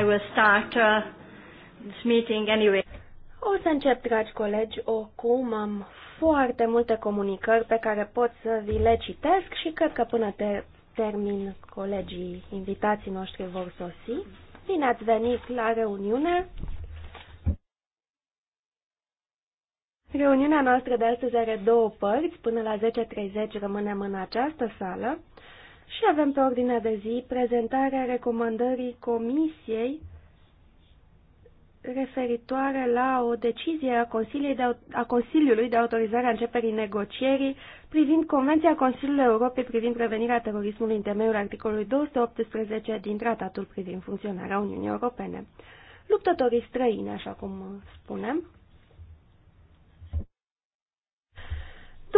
I will start uh, this meeting anyway. O să încep, dragi colegi, oricum am foarte multe comunicări pe care pot să vi le citesc și cred că până te termin colegii invitații noștri vor sosi. Bine ați venit la reuniune. Reuniunea noastră de astăzi are două părți. Până la 10.30 rămânem în această sală și avem pe ordinea de zi prezentarea recomandării Comisiei referitoare la o decizie a, Consiliei de, a Consiliului de autorizare a începerii negocierii privind Convenția Consiliului Europei privind prevenirea terorismului în temeiul articolului 218 din Tratatul privind funcționarea Uniunii Europene. Luptătorii străini, așa cum spunem,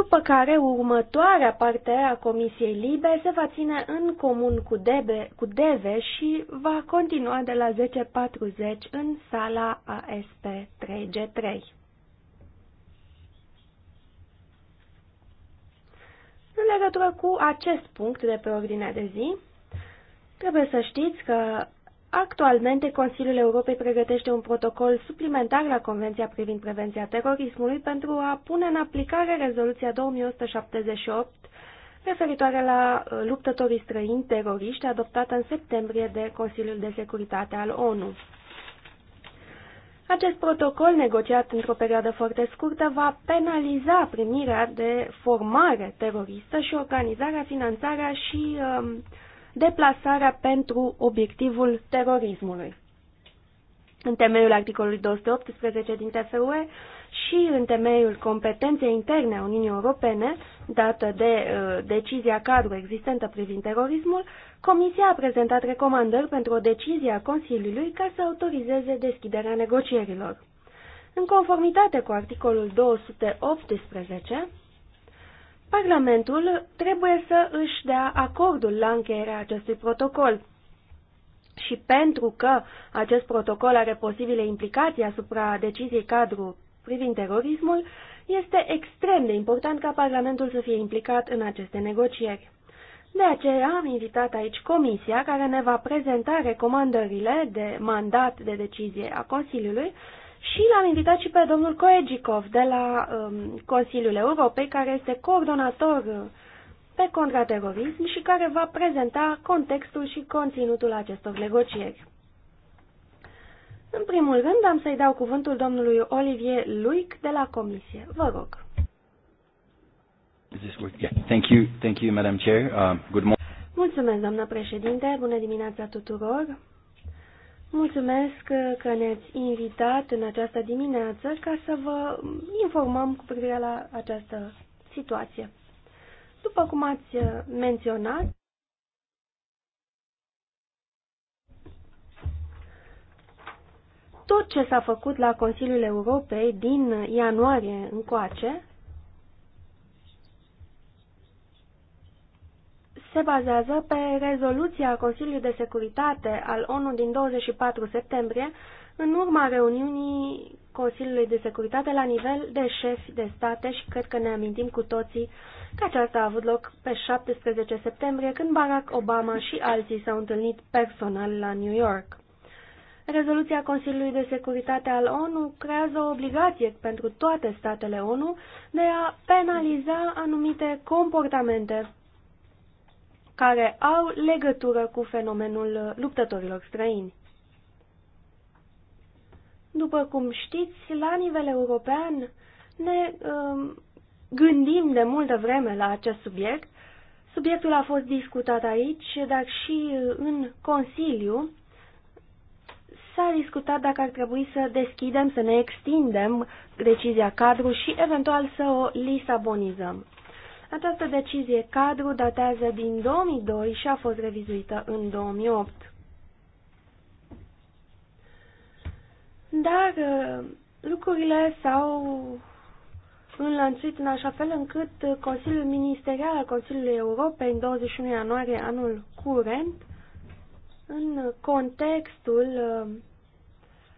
după care următoarea parte a Comisiei Libe se va ține în comun cu, Debe, cu Deve și va continua de la 10.40 în sala ASP 3G3. În legătură cu acest punct de pe ordinea de zi, trebuie să știți că Actualmente, Consiliul Europei pregătește un protocol suplimentar la Convenția privind prevenția terorismului pentru a pune în aplicare rezoluția 2178 referitoare la uh, luptătorii străini teroriști adoptată în septembrie de Consiliul de Securitate al ONU. Acest protocol, negociat într-o perioadă foarte scurtă, va penaliza primirea de formare teroristă și organizarea, finanțarea și uh, deplasarea pentru obiectivul terorismului. În temeiul articolului 218 din TFUE și în temeiul competenței interne a Uniunii Europene, dată de uh, decizia cadru existentă privind terorismul, Comisia a prezentat recomandări pentru o decizie a Consiliului ca să autorizeze deschiderea negocierilor. În conformitate cu articolul 218, Parlamentul trebuie să își dea acordul la încheierea acestui protocol. Și pentru că acest protocol are posibile implicații asupra deciziei cadru privind terorismul, este extrem de important ca Parlamentul să fie implicat în aceste negocieri. De aceea am invitat aici comisia care ne va prezenta recomandările de mandat de decizie a Consiliului și l-am invitat și pe domnul Koegikov de la um, Consiliul Europei, care este coordonator uh, pe contraterorism și care va prezenta contextul și conținutul acestor negocieri. În primul rând, am să-i dau cuvântul domnului Olivier Luic de la Comisie. Vă rog. Thank you, thank you, Madam Chair. Uh, good morning. Mulțumesc, doamnă președinte. Bună dimineața tuturor. Mulțumesc că ne-ați invitat în această dimineață ca să vă informăm cu privire la această situație. După cum ați menționat, tot ce s-a făcut la Consiliul Europei din ianuarie încoace se bazează pe rezoluția Consiliului de Securitate al ONU din 24 septembrie, în urma reuniunii Consiliului de Securitate la nivel de șefi de state și cred că ne amintim cu toții că aceasta a avut loc pe 17 septembrie când Barack Obama și alții s-au întâlnit personal la New York. Rezoluția Consiliului de Securitate al ONU creează o obligație pentru toate statele ONU de a penaliza anumite comportamente care au legătură cu fenomenul luptătorilor străini. După cum știți, la nivel european ne um, gândim de multă vreme la acest subiect. Subiectul a fost discutat aici, dar și în Consiliu s-a discutat dacă ar trebui să deschidem, să ne extindem decizia cadru și eventual să o lisabonizăm. Această decizie cadru datează din 2002 și a fost revizuită în 2008. Dar uh, lucrurile s-au înlănțuit în așa fel încât Consiliul Ministerial al Consiliului Europei în 21 ianuarie anul curent, în contextul uh,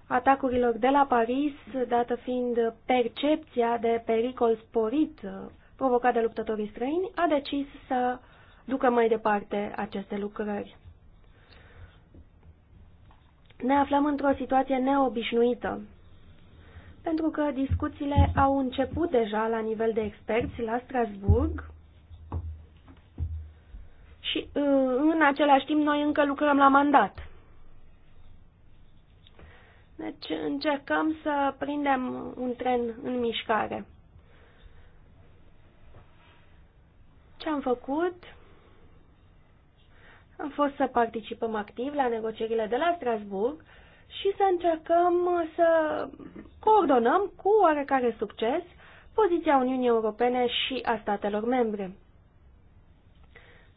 atacurilor de la Paris, dată fiind percepția de pericol sporit uh, provocat de luptătorii străini, a decis să ducă mai departe aceste lucrări. Ne aflăm într-o situație neobișnuită, pentru că discuțiile au început deja la nivel de experți la Strasburg și uh, în același timp noi încă lucrăm la mandat. Deci încercăm să prindem un tren în mișcare. Ce am făcut? Am fost să participăm activ la negocierile de la Strasburg și să încercăm să coordonăm cu oarecare succes poziția Uniunii Europene și a statelor membre.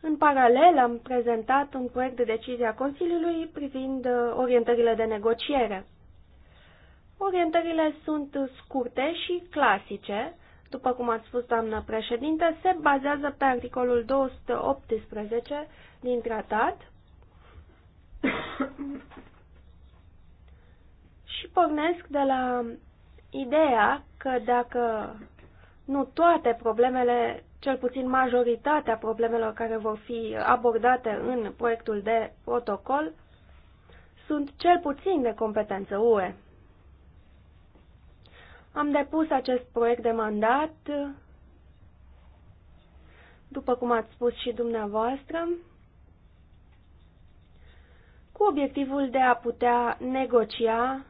În paralel, am prezentat un proiect de decizie a Consiliului privind uh, orientările de negociere. Orientările sunt scurte și clasice după cum ați spus, doamnă președinte, se bazează pe articolul 218 din tratat și pornesc de la ideea că dacă nu toate problemele, cel puțin majoritatea problemelor care vor fi abordate în proiectul de protocol, sunt cel puțin de competență UE. Am depus acest proiect de mandat, după cum ați spus și dumneavoastră, cu obiectivul de a putea negocia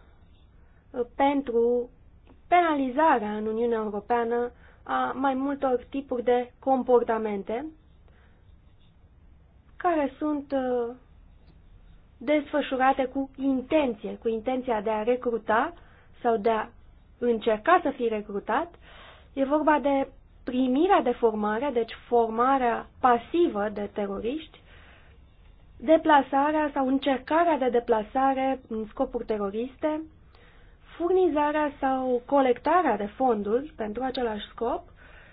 uh, pentru penalizarea în Uniunea Europeană a mai multor tipuri de comportamente care sunt uh, desfășurate cu intenție, cu intenția de a recruta sau de a încerca să fii recrutat. E vorba de primirea de formare, deci formarea pasivă de teroriști, deplasarea sau încercarea de deplasare în scopuri teroriste, furnizarea sau colectarea de fonduri pentru același scop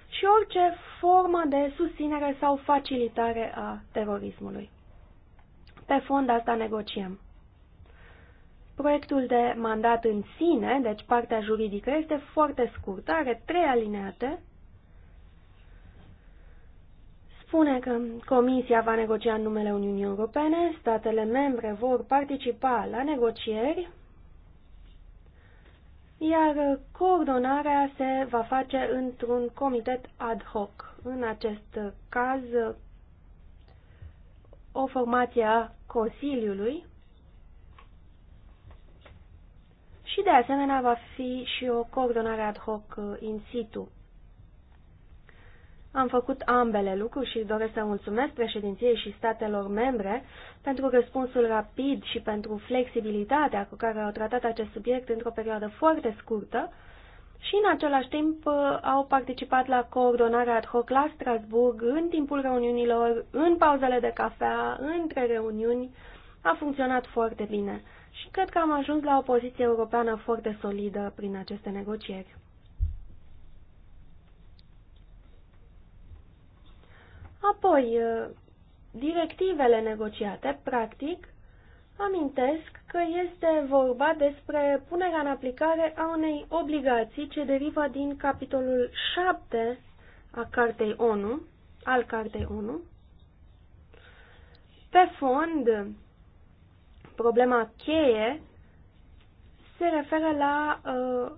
și orice formă de susținere sau facilitare a terorismului. Pe fond asta negociem. Proiectul de mandat în sine, deci partea juridică, este foarte scurtă, are trei alineate. Spune că Comisia va negocia în numele Uniunii Europene, statele membre vor participa la negocieri, iar coordonarea se va face într-un comitet ad hoc. În acest caz, o formație a Consiliului, și de asemenea va fi și o coordonare ad hoc uh, in situ. Am făcut ambele lucruri și doresc să mulțumesc președinției și statelor membre pentru răspunsul rapid și pentru flexibilitatea cu care au tratat acest subiect într-o perioadă foarte scurtă și în același timp uh, au participat la coordonarea ad hoc la Strasburg în timpul reuniunilor, în pauzele de cafea, între reuniuni. A funcționat foarte bine și cred că am ajuns la o poziție europeană foarte solidă prin aceste negocieri. Apoi, ă, directivele negociate, practic, amintesc că este vorba despre punerea în aplicare a unei obligații ce derivă din capitolul 7 a Cartei ONU, al Cartei ONU, pe fond, Problema cheie se referă la uh,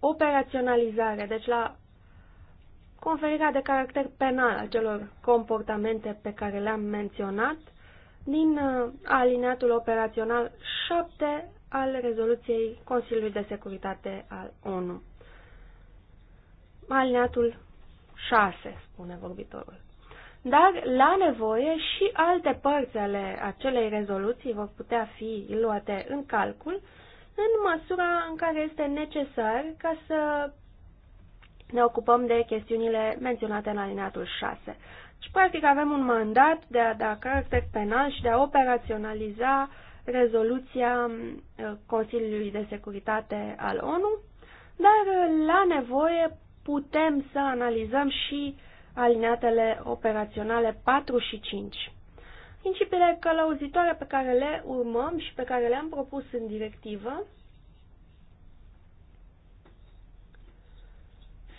operaționalizare, deci la conferirea de caracter penal a celor comportamente pe care le-am menționat din uh, alineatul operațional 7 al rezoluției Consiliului de Securitate al ONU. Alineatul 6, spune vorbitorul dar la nevoie și alte părți ale acelei rezoluții vor putea fi luate în calcul în măsura în care este necesar ca să ne ocupăm de chestiunile menționate în alineatul 6. Și deci, practic avem un mandat de a da caracter penal și de a operaționaliza rezoluția uh, Consiliului de Securitate al ONU, dar uh, la nevoie putem să analizăm și uh, alineatele operaționale 4 și 5. Principiile călăuzitoare pe care le urmăm și pe care le-am propus în directivă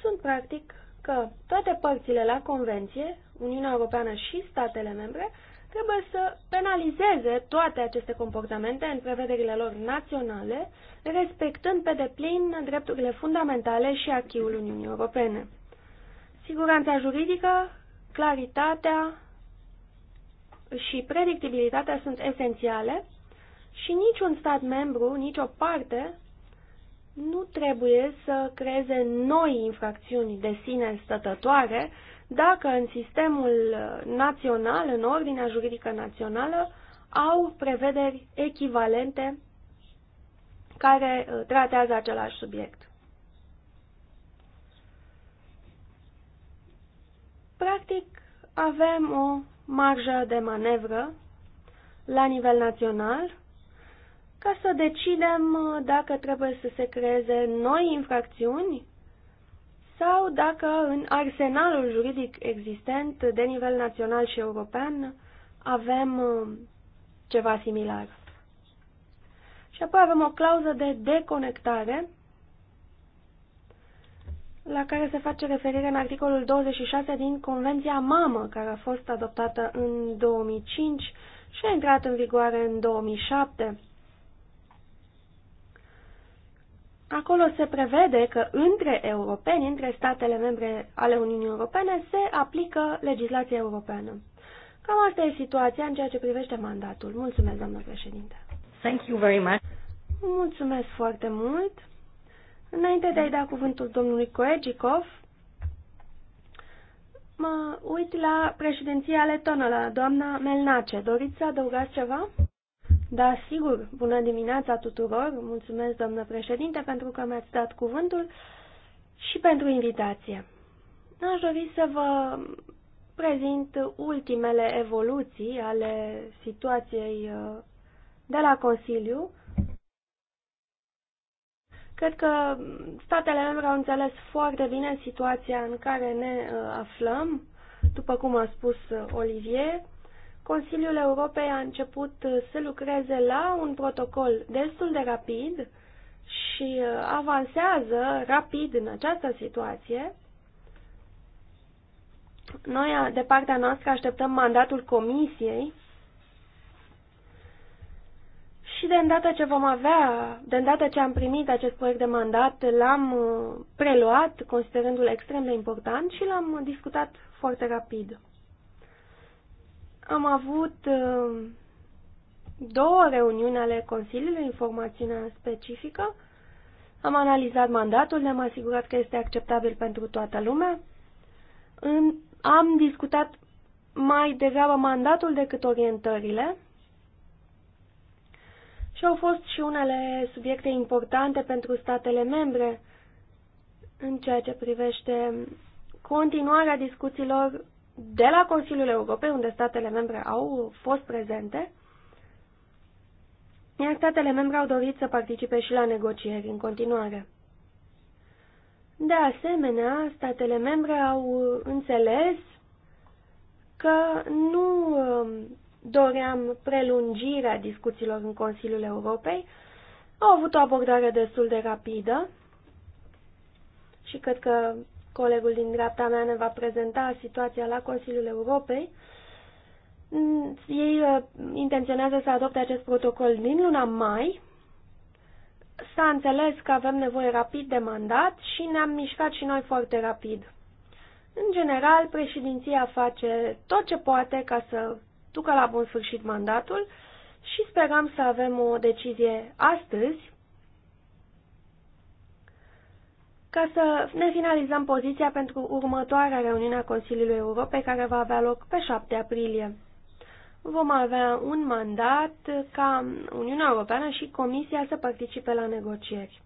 sunt practic că toate părțile la Convenție, Uniunea Europeană și statele membre, trebuie să penalizeze toate aceste comportamente în prevederile lor naționale, respectând pe deplin drepturile fundamentale și acquis Uniunii Europene. Siguranța juridică, claritatea și predictibilitatea sunt esențiale și niciun stat membru, nicio parte, nu trebuie să creeze noi infracțiuni de sine stătătoare dacă în sistemul național, în ordinea juridică națională, au prevederi echivalente care uh, tratează același subiect. Practic, avem o marjă de manevră la nivel național ca să decidem dacă trebuie să se creeze noi infracțiuni sau dacă în arsenalul juridic existent de nivel național și european avem uh, ceva similar. Și apoi avem o clauză de deconectare la care se face referire în articolul 26 din Convenția Mamă, care a fost adoptată în 2005 și a intrat în vigoare în 2007. Acolo se prevede că între europeni, între statele membre ale Uniunii Europene, se aplică legislația europeană. Cam asta e situația în ceea ce privește mandatul. Mulțumesc, doamnă președinte. Thank you very much. Mulțumesc foarte mult. Înainte de a-i da cuvântul domnului Koegikov, mă uit la președinția letonă, la doamna Melnace. Doriți să adăugați ceva? Da, sigur. Bună dimineața tuturor. Mulțumesc, doamnă președinte, pentru că mi-ați dat cuvântul și pentru invitație. Aș dori să vă prezint ultimele evoluții ale situației uh, de la Consiliu Cred că statele membre au înțeles foarte bine situația în care ne uh, aflăm. După cum a spus uh, Olivier, Consiliul Europei a început uh, să lucreze la un protocol destul de rapid și avansează rapid în această situație. Noi, de partea noastră, așteptăm mandatul Comisiei și de îndată ce vom avea, de îndată ce am primit acest proiect de mandat, l-am uh, preluat, considerându-l extrem de important și l-am discutat foarte rapid. Am avut uh, două reuniuni ale Consiliului informațiunea specifică. Am analizat mandatul, ne-am asigurat că este acceptabil pentru toată lumea. Am discutat mai degrabă mandatul decât orientările și au fost și unele subiecte importante pentru statele membre în ceea ce privește continuarea discuțiilor de la Consiliul Europei, unde statele membre au fost prezente, iar statele membre au dorit să participe și la negocieri în continuare. De asemenea, statele membre au înțeles că nu um, doream prelungirea discuțiilor în Consiliul Europei. Au avut o abordare destul de rapidă și cred că colegul din dreapta mea ne va prezenta situația la Consiliul Europei. Mm, ei uh, intenționează să adopte acest protocol din luna mai. S-a înțeles că avem nevoie rapid de mandat și ne-am mișcat și noi foarte rapid. În general, președinția face tot ce poate ca să ducă la bun sfârșit mandatul și sperăm să avem o decizie astăzi ca să ne finalizăm poziția pentru următoarea reuniune a Consiliului Europei care va avea loc pe 7 aprilie. Vom avea un mandat ca Uniunea Europeană și Comisia să participe la negocieri.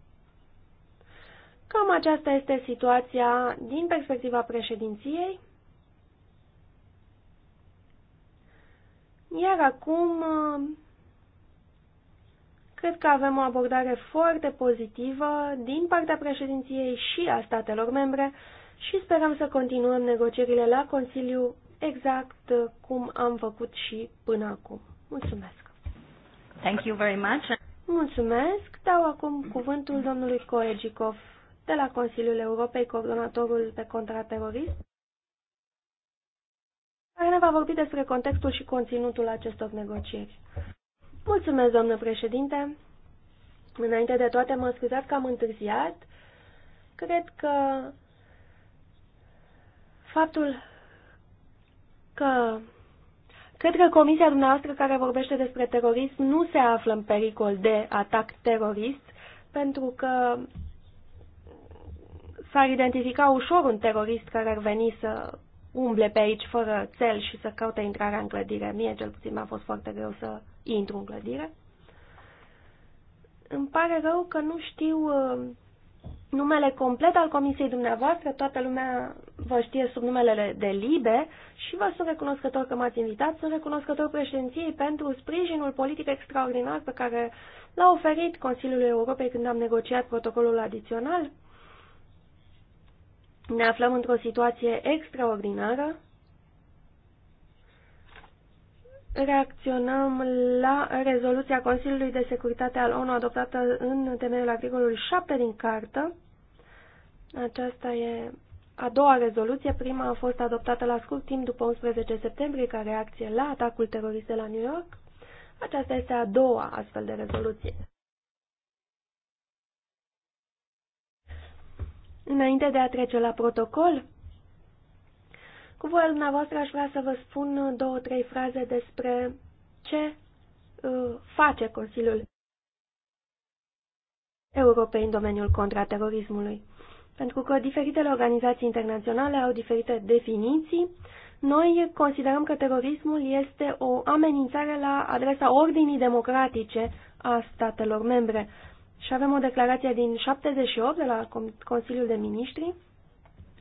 Cam aceasta este situația din perspectiva președinției. Iar acum, uh, cred că avem o abordare foarte pozitivă din partea președinției și a statelor membre și sperăm să continuăm negocierile la Consiliu exact uh, cum am făcut și până acum. Mulțumesc! Thank you very much. Mulțumesc! Dau acum cuvântul domnului Koegikov de la Consiliul Europei, coordonatorul pe contraterorism care ne va vorbi despre contextul și conținutul acestor negocieri. Mulțumesc, doamnă președinte. Înainte de toate, mă scuzați că am întârziat. Cred că faptul că Cred că comisia dumneavoastră care vorbește despre terorism nu se află în pericol de atac terorist, pentru că s-ar identifica ușor un terorist care ar veni să umble pe aici fără cel și să caute intrarea în clădire. Mie cel puțin mi-a fost foarte greu să intru în clădire. Îmi pare rău că nu știu uh, numele complet al comisiei dumneavoastră, toată lumea vă știe sub numele de Libe și vă sunt recunoscător că m-ați invitat, sunt recunoscător președinției pentru sprijinul politic extraordinar pe care l-a oferit Consiliului Europei când am negociat protocolul adițional ne aflăm într-o situație extraordinară. Reacționăm la rezoluția Consiliului de Securitate al ONU adoptată în temeiul articolului 7 din cartă. Aceasta e a doua rezoluție. Prima a fost adoptată la scurt timp după 11 septembrie ca reacție la atacul terorist de la New York. Aceasta este a doua astfel de rezoluție. Înainte de a trece la protocol, cu voia dumneavoastră aș vrea să vă spun două, trei fraze despre ce uh, face Consiliul Europei în domeniul contraterorismului. Pentru că diferitele organizații internaționale au diferite definiții, noi considerăm că terorismul este o amenințare la adresa ordinii democratice a statelor membre. Și avem o declarație din 78 de la Consiliul de Ministri,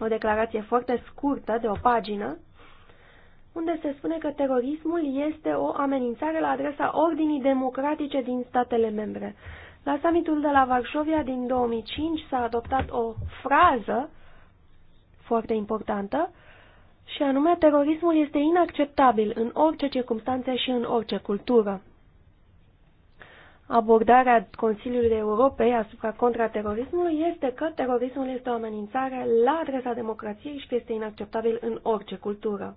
o declarație foarte scurtă, de o pagină, unde se spune că terorismul este o amenințare la adresa ordinii democratice din statele membre. La summitul de la Varșovia din 2005 s-a adoptat o frază foarte importantă, și anume terorismul este inacceptabil în orice circunstanțe și în orice cultură abordarea Consiliului Europei asupra contraterorismului este că terorismul este o amenințare la adresa democrației și că este inacceptabil în orice cultură.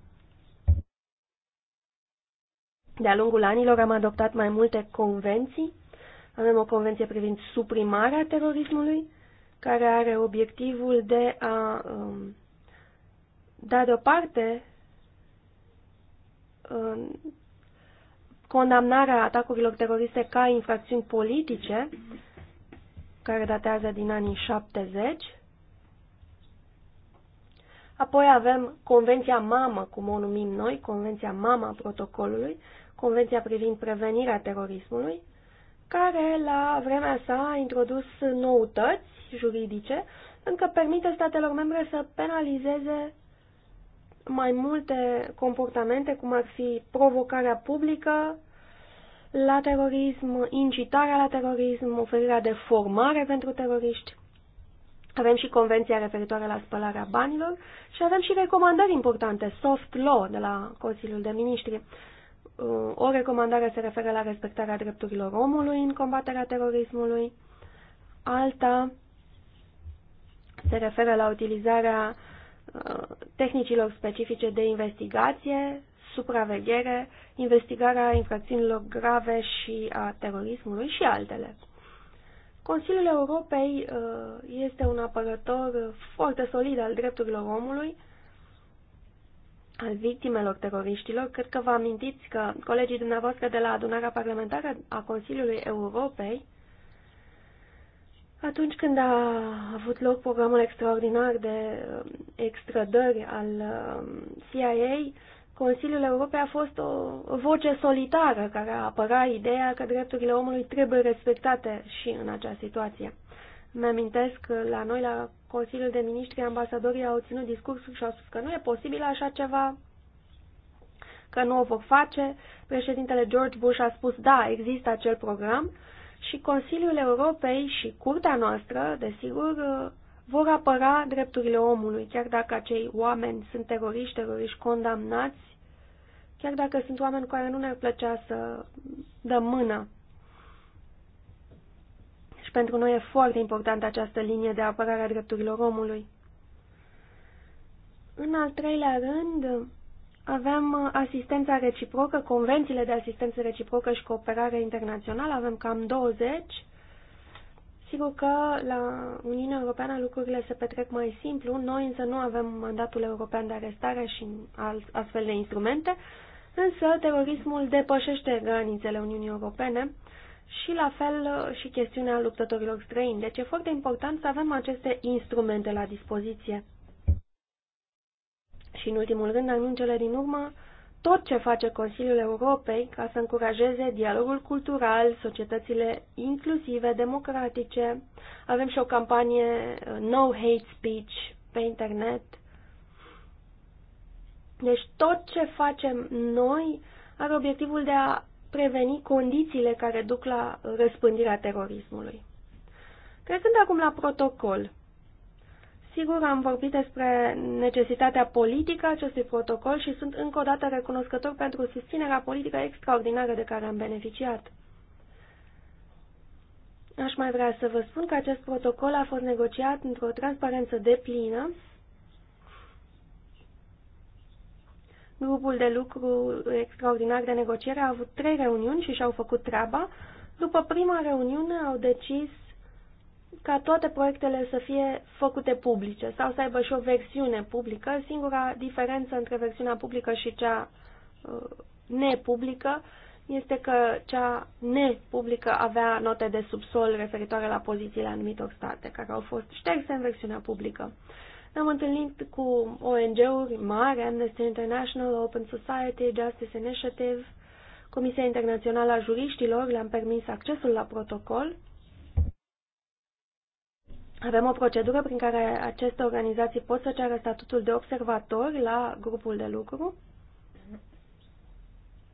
De-a lungul anilor am adoptat mai multe convenții. Avem o convenție privind suprimarea terorismului, care are obiectivul de a um, da deoparte um, condamnarea atacurilor teroriste ca infracțiuni politice, care datează din anii 70. Apoi avem Convenția Mamă, cum o numim noi, Convenția Mama Protocolului, Convenția privind prevenirea terorismului, care la vremea sa a introdus noutăți juridice, încă permite statelor membre să penalizeze mai multe comportamente, cum ar fi provocarea publică la terorism, incitarea la terorism, oferirea de formare pentru teroriști. Avem și convenția referitoare la spălarea banilor și avem și recomandări importante, soft law de la Consiliul de Ministri. Uh, o recomandare se referă la respectarea drepturilor omului în combaterea terorismului, alta se referă la utilizarea tehnicilor specifice de investigație, supraveghere, investigarea infracțiunilor grave și a terorismului și altele. Consiliul Europei uh, este un apărător foarte solid al drepturilor omului, al victimelor teroriștilor. Cred că vă amintiți că colegii dumneavoastră de la adunarea parlamentară a Consiliului Europei atunci când a avut loc programul extraordinar de um, extrădări al um, CIA, Consiliul Europei a fost o voce solitară care a apărat ideea că drepturile omului trebuie respectate și în această situație. Mi-amintesc că la noi, la Consiliul de Ministri, ambasadorii au ținut discursuri și au spus că nu e posibil așa ceva, că nu o vor face. Președintele George Bush a spus, da, există acel program, și Consiliul Europei și curtea noastră, desigur, vor apăra drepturile omului, chiar dacă acei oameni sunt teroriști, teroriști condamnați, chiar dacă sunt oameni care nu ne-ar plăcea să dăm mâna. Și pentru noi e foarte importantă această linie de apărare a drepturilor omului. În al treilea rând, avem uh, asistența reciprocă, convențiile de asistență reciprocă și cooperare internațională, avem cam 20. Sigur că la Uniunea Europeană lucrurile se petrec mai simplu, noi însă nu avem mandatul european de arestare și astfel de instrumente, însă terorismul depășește granițele Uniunii Europene și la fel uh, și chestiunea luptătorilor străini. Deci e foarte important să avem aceste instrumente la dispoziție. Și în ultimul rând, dar în cele din urmă, tot ce face Consiliul Europei ca să încurajeze dialogul cultural, societățile inclusive, democratice. Avem și o campanie uh, No Hate Speech pe internet. Deci tot ce facem noi are obiectivul de a preveni condițiile care duc la răspândirea terorismului. Trecând acum la protocol. Sigur, am vorbit despre necesitatea politică a acestui protocol și sunt încă o dată recunoscător pentru susținerea politică extraordinară de care am beneficiat. Aș mai vrea să vă spun că acest protocol a fost negociat într-o transparență deplină. Grupul de lucru extraordinar de negociere a avut trei reuniuni și și-au făcut treaba. După prima reuniune au decis ca toate proiectele să fie făcute publice sau să aibă și o versiune publică. Singura diferență între versiunea publică și cea uh, nepublică este că cea nepublică avea note de subsol referitoare la pozițiile anumitor state, care au fost șterse în versiunea publică. Ne-am întâlnit cu ONG-uri mari, Amnesty International, Open Society, Justice Initiative, Comisia Internațională a Juriștilor le-am permis accesul la protocol avem o procedură prin care aceste organizații pot să ceară statutul de observator la grupul de lucru.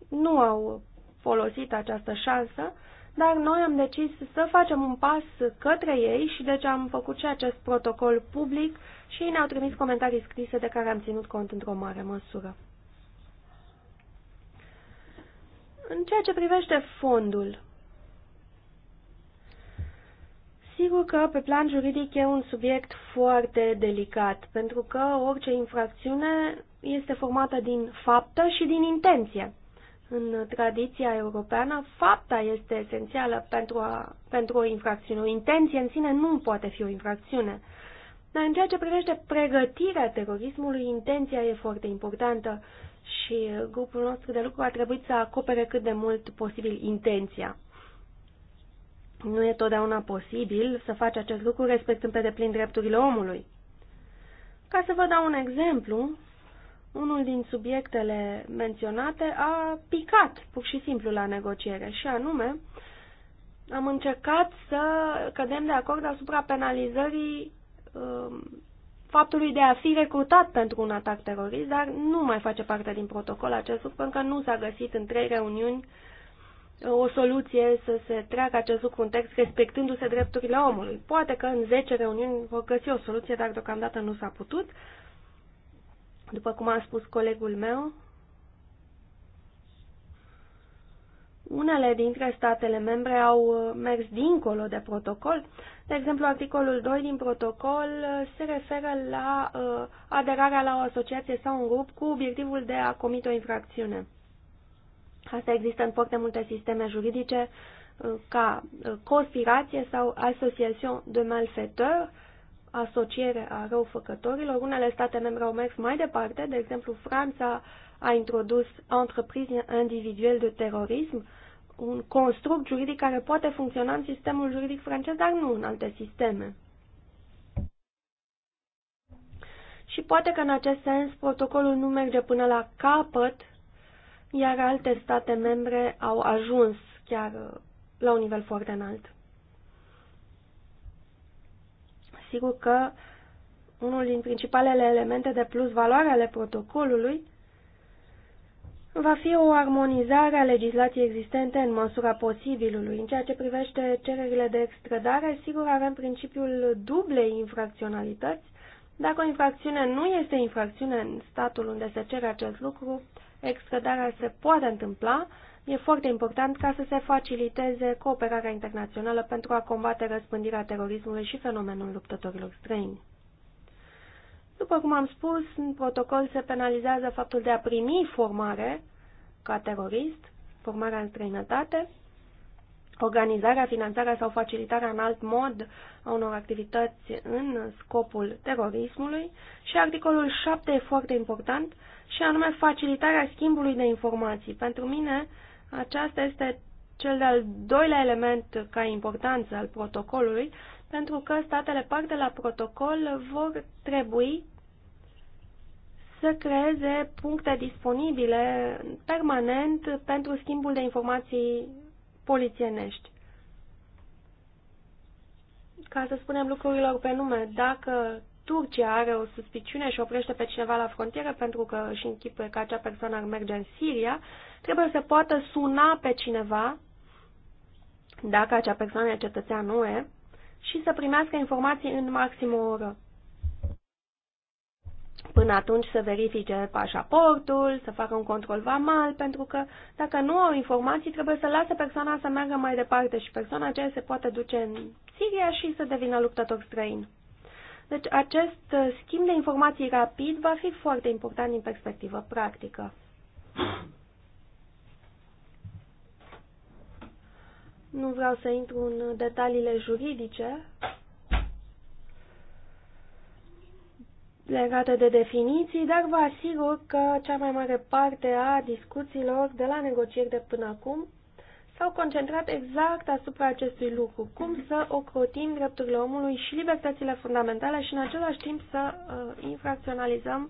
Nu au folosit această șansă, dar noi am decis să facem un pas către ei și deci am făcut și acest protocol public și ne-au trimis comentarii scrise de care am ținut cont într-o mare măsură. În ceea ce privește fondul, Sigur că pe plan juridic e un subiect foarte delicat, pentru că orice infracțiune este formată din faptă și din intenție. În tradiția europeană, fapta este esențială pentru, a, pentru o infracțiune. O intenție în sine nu poate fi o infracțiune. Dar în ceea ce privește pregătirea terorismului, intenția e foarte importantă și grupul nostru de lucru a trebuit să acopere cât de mult posibil intenția. Nu e totdeauna posibil să faci acest lucru respectând pe deplin drepturile omului. Ca să vă dau un exemplu, unul din subiectele menționate a picat pur și simplu la negociere și anume am încercat să cădem de acord asupra penalizării um, faptului de a fi recrutat pentru un atac terorist, dar nu mai face parte din protocol acest lucru pentru că nu s-a găsit în trei reuniuni o soluție să se treacă acest lucru în text respectându-se drepturile omului. Poate că în 10 reuniuni vor găsi o soluție, dar deocamdată nu s-a putut. După cum a spus colegul meu, Unele dintre statele membre au mers dincolo de protocol. De exemplu, articolul 2 din protocol se referă la uh, aderarea la o asociație sau un grup cu obiectivul de a comite o infracțiune. Asta există în foarte multe sisteme juridice uh, ca uh, conspirație sau association de malfaiteurs, asociere a răufăcătorilor. Unele state membre au mers mai departe, de exemplu Franța a introdus entreprise individuel de terorism, un construct juridic care poate funcționa în sistemul juridic francez, dar nu în alte sisteme. Și poate că în acest sens protocolul nu merge până la capăt iar alte state membre au ajuns chiar uh, la un nivel foarte înalt. Sigur că unul din principalele elemente de plus valoare ale protocolului va fi o armonizare a legislației existente în măsura posibilului. În ceea ce privește cererile de extradare, sigur avem principiul dublei infracționalități. Dacă o infracțiune nu este infracțiune în statul unde se cere acest lucru, excădarea se poate întâmpla, e foarte important ca să se faciliteze cooperarea internațională pentru a combate răspândirea terorismului și fenomenul luptătorilor străini. După cum am spus, în protocol se penalizează faptul de a primi formare ca terorist, formarea în străinătate, organizarea, finanțarea sau facilitarea în alt mod a unor activități în scopul terorismului și articolul 7 e foarte important și anume facilitarea schimbului de informații. Pentru mine aceasta este cel de-al doilea element ca importanță al protocolului, pentru că statele parte la protocol vor trebui să creeze puncte disponibile permanent pentru schimbul de informații polițienești. Ca să spunem lucrurilor pe nume, dacă Turcia are o suspiciune și oprește pe cineva la frontieră pentru că își închipuie că acea persoană ar merge în Siria, trebuie să poată suna pe cineva, dacă acea persoană e cetățean UE, și să primească informații în maxim o oră până atunci să verifice pașaportul, să facă un control vamal, pentru că dacă nu au informații, trebuie să lase persoana să meargă mai departe și persoana aceea se poate duce în Siria și să devină luptător străin. Deci acest uh, schimb de informații rapid va fi foarte important din perspectivă practică. Nu vreau să intru în detaliile juridice, legate de definiții, dar vă asigur că cea mai mare parte a discuțiilor de la negocieri de până acum s-au concentrat exact asupra acestui lucru, cum să ocrotim drepturile omului și libertățile fundamentale și în același timp să uh, infracționalizăm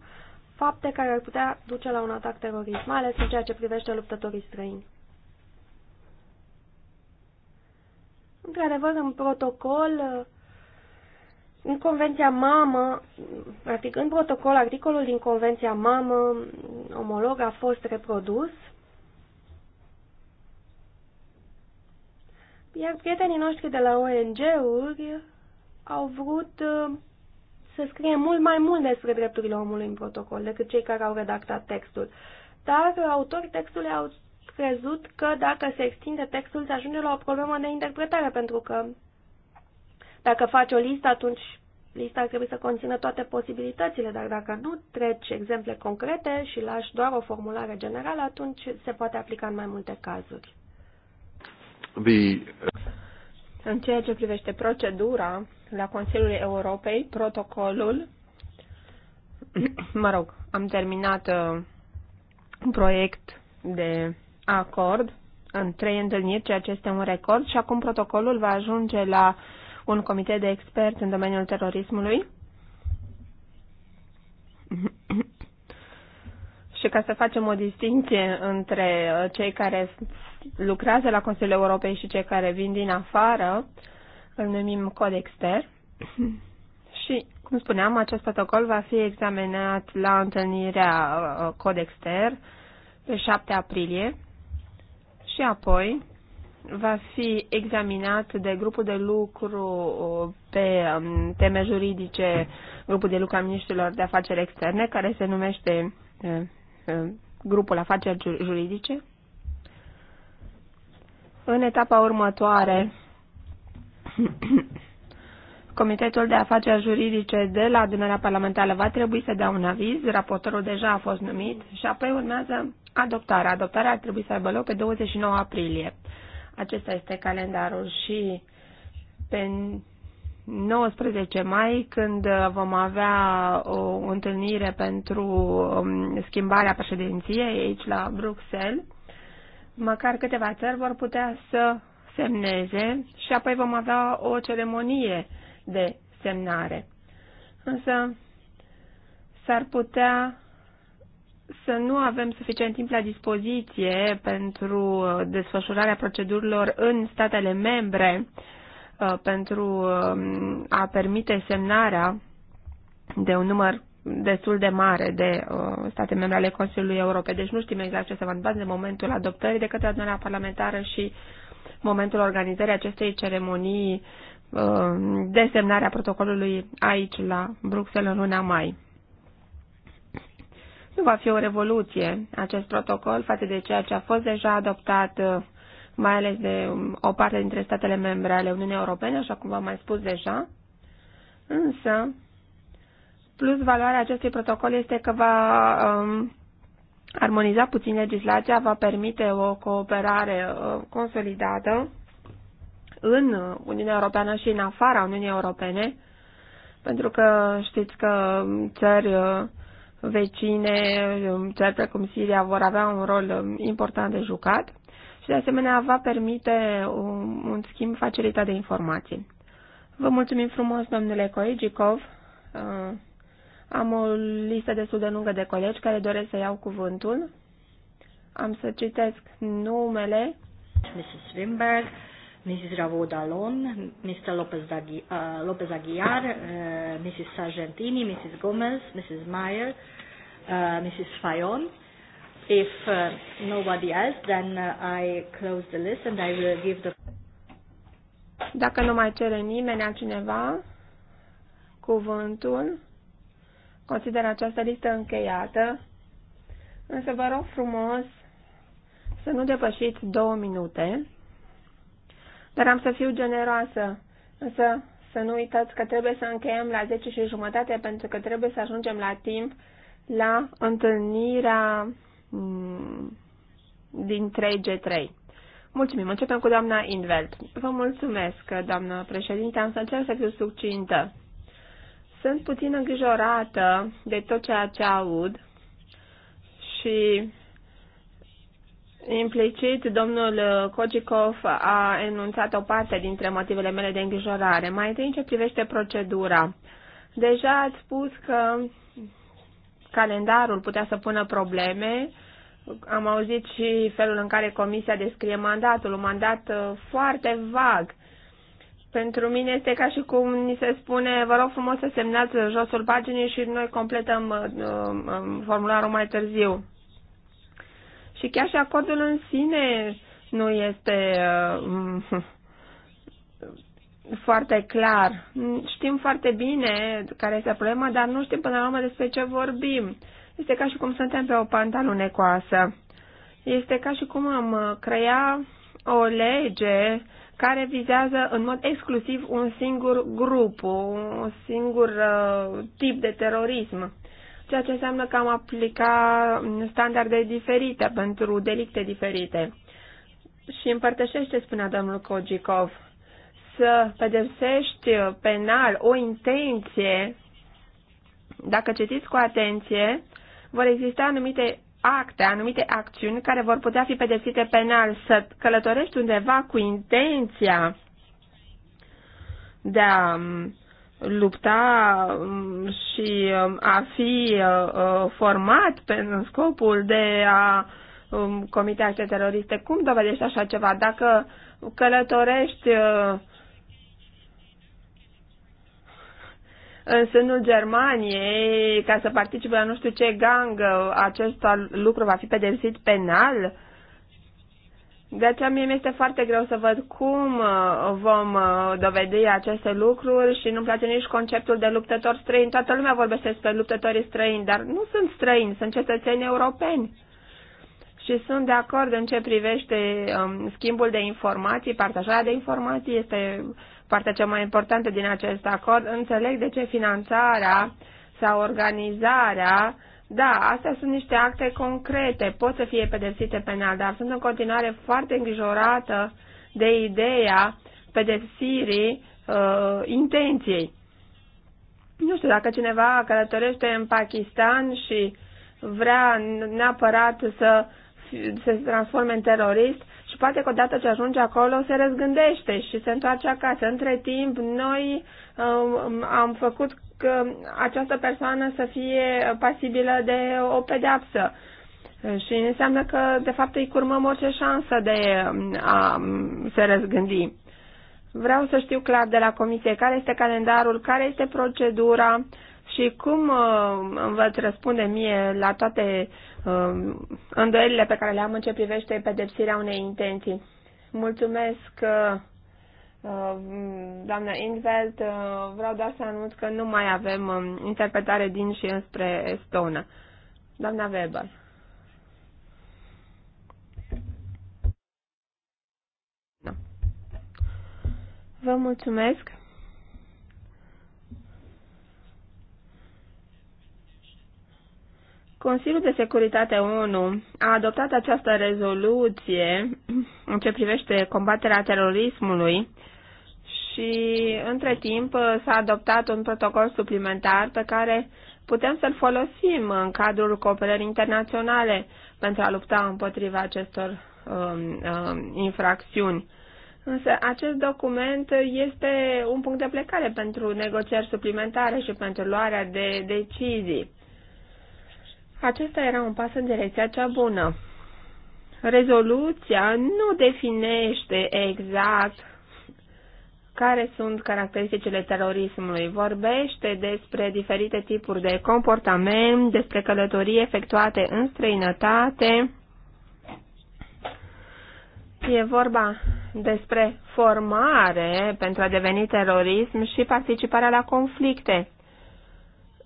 fapte care ar putea duce la un atac terorist, mai ales în ceea ce privește luptătorii străini. Într-adevăr, în protocol, uh, în Convenția Mamă, practic în protocol, articolul din Convenția Mamă omolog a fost reprodus. Iar prietenii noștri de la ONG-uri au vrut uh, să scrie mult mai mult despre drepturile omului în protocol decât cei care au redactat textul. Dar autorii textului au crezut că dacă se extinde textul se ajunge la o problemă de interpretare, pentru că dacă faci o listă, atunci lista ar trebui să conțină toate posibilitățile, dar dacă nu treci exemple concrete și lași doar o formulare generală, atunci se poate aplica în mai multe cazuri. The... În ceea ce privește procedura la Consiliul Europei, protocolul, mă rog, am terminat uh, un proiect de acord în trei întâlniri, ceea ce este un record, și acum protocolul va ajunge la uh, un comitet de experți în domeniul terorismului. și ca să facem o distinție între uh, cei care lucrează la Consiliul Europei și cei care vin din afară, îl numim Codexter. și, cum spuneam, acest protocol va fi examinat la întâlnirea uh, Codexter pe 7 aprilie și apoi va fi examinat de grupul de lucru uh, pe um, teme juridice, grupul de lucru al ministrilor de afaceri externe, care se numește uh, uh, grupul afaceri juridice. În etapa următoare, Comitetul de Afaceri Juridice de la adunarea parlamentară va trebui să dea un aviz, raportorul deja a fost numit și apoi urmează adoptarea. Adoptarea ar trebui să aibă loc pe 29 aprilie. Acesta este calendarul și pe 19 mai, când vom avea o întâlnire pentru um, schimbarea președinției aici la Bruxelles, măcar câteva țări vor putea să semneze și apoi vom avea o ceremonie de semnare. Însă s-ar putea să nu avem suficient timp la dispoziție pentru uh, desfășurarea procedurilor în statele membre uh, pentru um, a permite semnarea de un număr destul de mare de uh, state membre ale Consiliului Europei. Deci nu știm exact ce se va întâmpla de momentul adoptării de către adunarea parlamentară și momentul organizării acestei ceremonii de semnare a protocolului aici la Bruxelles în luna mai. Nu va fi o revoluție acest protocol față de ceea ce a fost deja adoptat, uh, mai ales de um, o parte dintre statele membre ale Uniunii Europene, așa cum v-am mai spus deja. Însă, plus valoarea acestui protocol este că va um, armoniza puțin legislația, va permite o cooperare uh, consolidată în Uniunea Europeană și în afara Uniunii Europene, pentru că știți că um, țări uh, vecine, țări precum Siria, vor avea un rol um, important de jucat și, de asemenea, va permite un, um, un schimb facilitat de informații. Vă mulțumim frumos, domnule Koegikov. Uh, am o listă destul de lungă de colegi care doresc să iau cuvântul. Am să citesc numele. Mrs. Wimberg, Mrs. Ravo Dallon, Mr. Lopez, Agui uh, Lopez Aguiar, uh, Mrs. Sargentini, Mrs. Gomez, Mrs. Meyer, uh, Mrs. Fayon. If uh, nobody else, then uh, I close the list and I will give the... Dacă nu mai cere nimeni altcineva cuvântul, consider această listă încheiată, însă vă rog frumos să nu depășiți două minute dar am să fiu generoasă. Însă să nu uitați că trebuie să încheiem la 10 și jumătate pentru că trebuie să ajungem la timp la întâlnirea mm, din 3G3. Mulțumim. Începem cu doamna Invelt. Vă mulțumesc, doamnă președinte. Am să încerc să fiu succintă. Sunt puțin îngrijorată de tot ceea ce aud și Implicit, domnul Kojikov a enunțat o parte dintre motivele mele de îngrijorare. Mai întâi în ce privește procedura. Deja ați spus că calendarul putea să pună probleme. Am auzit și felul în care comisia descrie mandatul, un mandat uh, foarte vag. Pentru mine este ca și cum ni se spune, vă rog frumos să semnați josul paginii și noi completăm uh, uh um, formularul mai târziu. Și chiar și acordul în sine nu este uh, foarte clar. Știm foarte bine care este problema, dar nu știm până la urmă despre ce vorbim. Este ca și cum suntem pe o pantalunecoasă. Este ca și cum am uh, crea o lege care vizează în mod exclusiv un singur grup, un singur uh, tip de terorism ceea ce înseamnă că am aplica standarde diferite pentru delicte diferite. Și împărtășește spunea domnul Kojikov, să pedepsești penal o intenție, dacă citiți cu atenție, vor exista anumite acte, anumite acțiuni care vor putea fi pedepsite penal, să călătorești undeva cu intenția de a lupta mm, și mm, a fi mm, format în scopul de a comite acte teroriste. Cum dovedești așa ceva? Dacă călătorești în sânul Germaniei ca să participe la nu știu ce gang, acest lucru va fi pedepsit penal? De deci, aceea mie mi-este foarte greu să văd cum uh, vom uh, dovedi aceste lucruri și nu-mi place nici conceptul de luptători străini. Toată lumea vorbește despre luptătorii străini, dar nu sunt străini, sunt cetățeni europeni. Și sunt de acord în ce privește um, schimbul de informații, partajarea de informații este partea cea mai importantă din acest acord. Înțeleg de ce finanțarea sau organizarea uh, da, astea sunt niște acte concrete, pot să fie pedepsite penal, dar sunt în continuare foarte îngrijorată de ideea pedepsirii uh, intenției. Nu știu, dacă cineva călătorește în Pakistan și vrea neapărat să, să se transforme în terorist și poate că odată ce ajunge acolo se răzgândește și se întoarce acasă. Între timp, noi um, am făcut această persoană să fie pasibilă de o pedeapsă. Și înseamnă că, de fapt, îi curmăm orice șansă de a se răzgândi. Vreau să știu clar de la comisie care este calendarul, care este procedura și cum uh, îmi răspunde mie la toate uh, îndoielile pe care le am în ce privește pedepsirea unei intenții. Mulțumesc uh, Uh, doamna Indveld, uh, vreau doar să anunț că nu mai avem um, interpretare din și înspre estonă. Doamna Weber. Da. Vă mulțumesc. Consiliul de Securitate ONU a adoptat această rezoluție în ce privește combaterea terorismului și între timp s-a adoptat un protocol suplimentar pe care putem să-l folosim în cadrul cooperării internaționale pentru a lupta împotriva acestor um, um, infracțiuni. Însă acest document este un punct de plecare pentru negocieri suplimentare și pentru luarea de decizii. Acesta era un pas în direcția cea bună. Rezoluția nu definește exact care sunt caracteristicile terorismului. Vorbește despre diferite tipuri de comportament, despre călătorii efectuate în străinătate. E vorba despre formare pentru a deveni terorism și participarea la conflicte.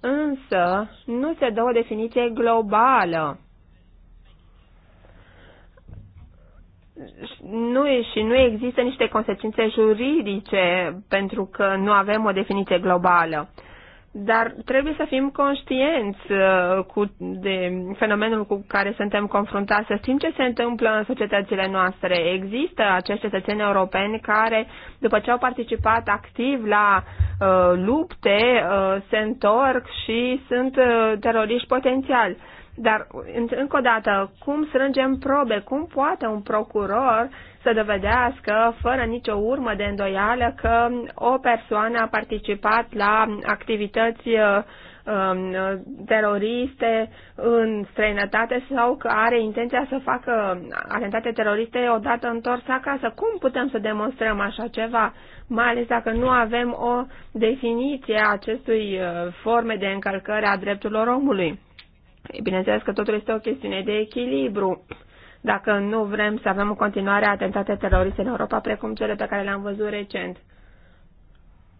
Însă, nu se dă o definiție globală nu, și nu există niște consecințe juridice pentru că nu avem o definiție globală. Dar trebuie să fim conștienți uh, cu, de fenomenul cu care suntem confruntați, să știm ce se întâmplă în societățile noastre. Există acești cetățeni europeni care, după ce au participat activ la uh, lupte, uh, se întorc și sunt uh, teroriști potențiali. Uh, dar, încă o dată, cum strângem probe? Cum poate un procuror să dovedească, fără nicio urmă de îndoială, că o persoană a participat la activități uh, um, teroriste în străinătate sau că are intenția să facă atentate teroriste odată întors acasă. Cum putem să demonstrăm așa ceva? Mai ales dacă nu avem o definiție a acestui uh, forme de încălcări a drepturilor omului. Bineînțeles că totul este o chestiune de echilibru. Dacă nu vrem să avem o continuare atentate teroriste în Europa, precum cele pe care le-am văzut recent.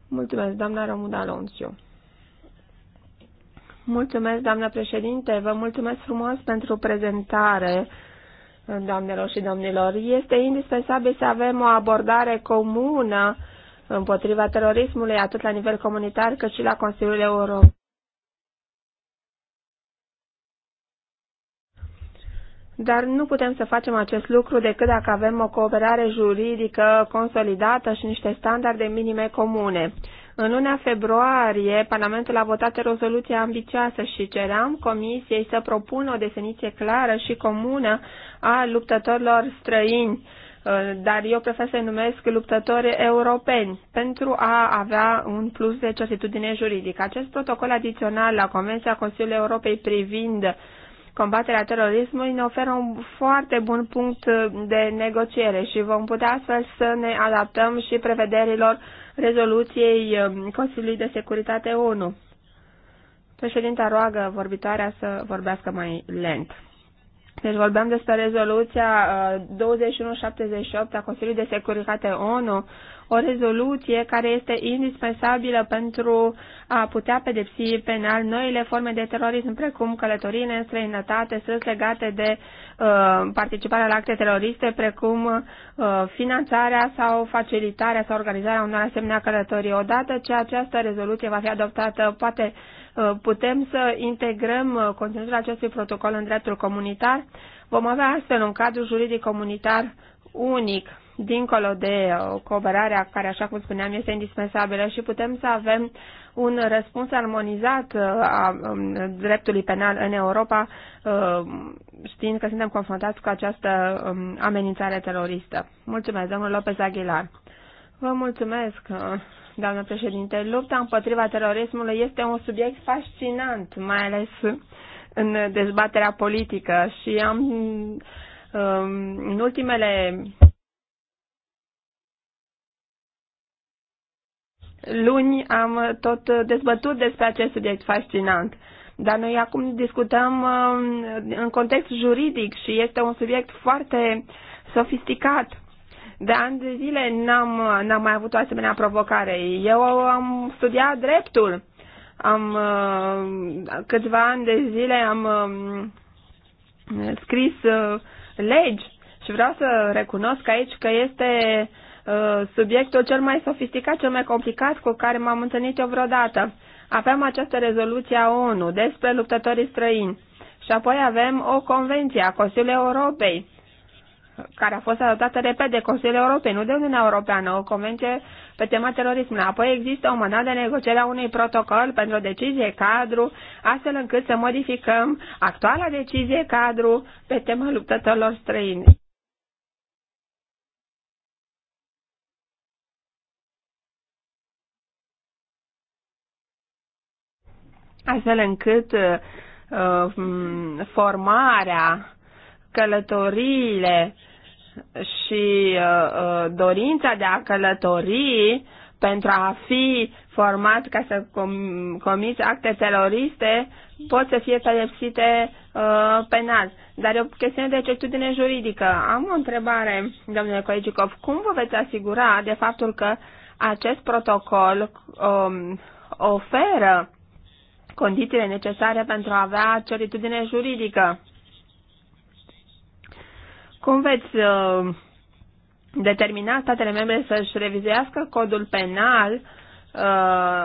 Mulțumesc, doamna Romuda Alonso. Mulțumesc, doamna președinte. Vă mulțumesc frumos pentru prezentare, doamnelor și domnilor. Este indispensabil să avem o abordare comună împotriva terorismului, atât la nivel comunitar cât și la Consiliul Europei. dar nu putem să facem acest lucru decât dacă avem o cooperare juridică consolidată și niște standarde minime comune. În luna februarie, Parlamentul a votat rezoluție ambicioasă și ceream Comisiei să propună o definiție clară și comună a luptătorilor străini, uh, dar eu prefer să-i numesc luptători europeni, pentru a avea un plus de certitudine juridică. Acest protocol adițional la Convenția Consiliului Europei privind combaterea terorismului ne oferă un foarte bun punct de negociere și vom putea astfel să ne adaptăm și prevederilor rezoluției um, Consiliului de Securitate ONU. Președinta roagă vorbitoarea să vorbească mai lent. Deci vorbeam despre rezoluția 2178 uh, a Consiliului de Securitate ONU o rezoluție care este indispensabilă pentru a putea pedepsi penal noile forme de terorism, precum călătorii în străinătate, sunt legate de uh, participarea la acte teroriste, precum uh, finanțarea sau facilitarea sau organizarea unor asemenea călătorii. Odată ce această rezoluție va fi adoptată, poate uh, putem să integrăm uh, conținutul acestui protocol în dreptul comunitar. Vom avea astfel un cadru juridic comunitar unic dincolo de uh, cooperarea care, așa cum spuneam, este indispensabilă și putem să avem un răspuns armonizat uh, a um, dreptului penal în Europa, uh, știind că suntem confruntați cu această um, amenințare teroristă. Mulțumesc, domnul Lopez Aguilar. Vă mulțumesc, doamnă președinte. Lupta împotriva terorismului este un subiect fascinant, mai ales în dezbaterea politică și am um, în ultimele luni am tot dezbătut despre acest subiect fascinant. Dar noi acum discutăm uh, în context juridic și este un subiect foarte sofisticat. De ani de zile n-am, n-am mai avut o asemenea provocare. Eu am studiat dreptul. Am uh, câțiva ani de zile am um, scris uh, legi și vreau să recunosc aici că este Uh, subiectul cel mai sofisticat, cel mai complicat cu care m-am întâlnit eu vreodată. Avem această rezoluție a ONU despre luptătorii străini și apoi avem o convenție a Consiliului Europei care a fost adoptată repede Consiliul Europei, nu de Uniunea Europeană, o convenție pe tema terorismului. Apoi există o mandat de negociere a unui protocol pentru o decizie cadru, astfel încât să modificăm actuala decizie cadru pe tema luptătorilor străini. astfel încât uh, uh, formarea, călătoriile și uh, dorința de a călători pentru a fi format ca să com- comiți acte teroriste pot să fie pedepsite uh, penal. Dar e o chestiune de certitudine juridică. Am o întrebare, domnule Colegicov. Cum vă veți asigura de faptul că acest protocol um, oferă condițiile necesare pentru a avea certitudine juridică. Cum veți uh, determina statele membre să-și revizuiască codul penal uh,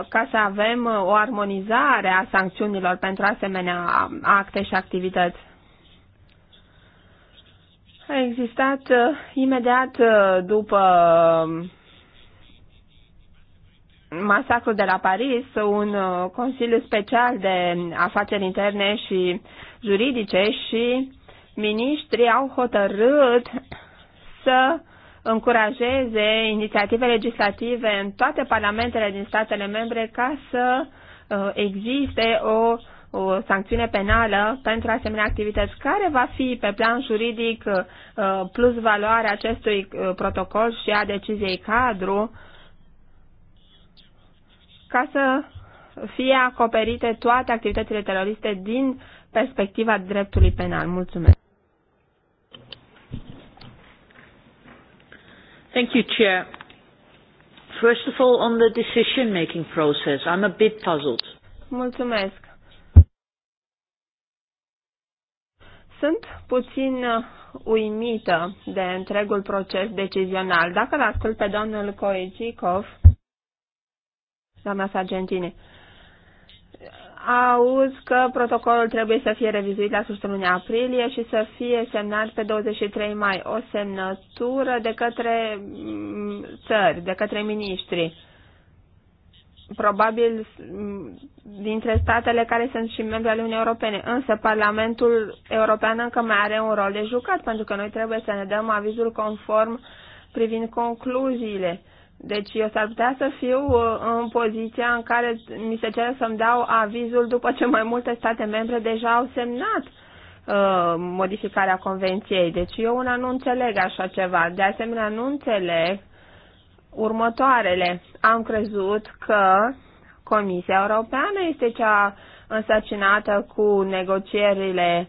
ca să avem uh, o armonizare a sancțiunilor pentru asemenea acte și activități? A existat uh, imediat uh, după uh, masacrul de la Paris, un uh, Consiliu Special de Afaceri Interne și Juridice și miniștrii au hotărât să încurajeze inițiative legislative în toate parlamentele din statele membre ca să uh, existe o, o sancțiune penală pentru asemenea activități. Care va fi pe plan juridic uh, plus valoarea acestui protocol și a deciziei cadru? ca să fie acoperite toate activitățile teroriste din perspectiva dreptului penal. Mulțumesc. Thank you, Chair. First of all, on the decision-making process, I'm a bit puzzled. Mulțumesc. Sunt puțin uh, uimită de întregul proces decizional. Dacă l ascult pe domnul Koichikov, doamna Sargentini. Auz că protocolul trebuie să fie revizuit la sfârșitul lunii aprilie și să fie semnat pe 23 mai. O semnătură de către mm, țări, de către miniștri. Probabil mm, dintre statele care sunt și membri ale Uniunii Europene. Însă Parlamentul European încă mai are un rol de jucat, pentru că noi trebuie să ne dăm avizul conform privind concluziile deci eu s-ar putea să fiu uh, în poziția în care mi se cere să-mi dau avizul după ce mai multe state membre deja au semnat uh, modificarea convenției. Deci eu una nu înțeleg așa ceva. De asemenea, nu înțeleg următoarele. Am crezut că Comisia Europeană este cea însăcinată cu negocierile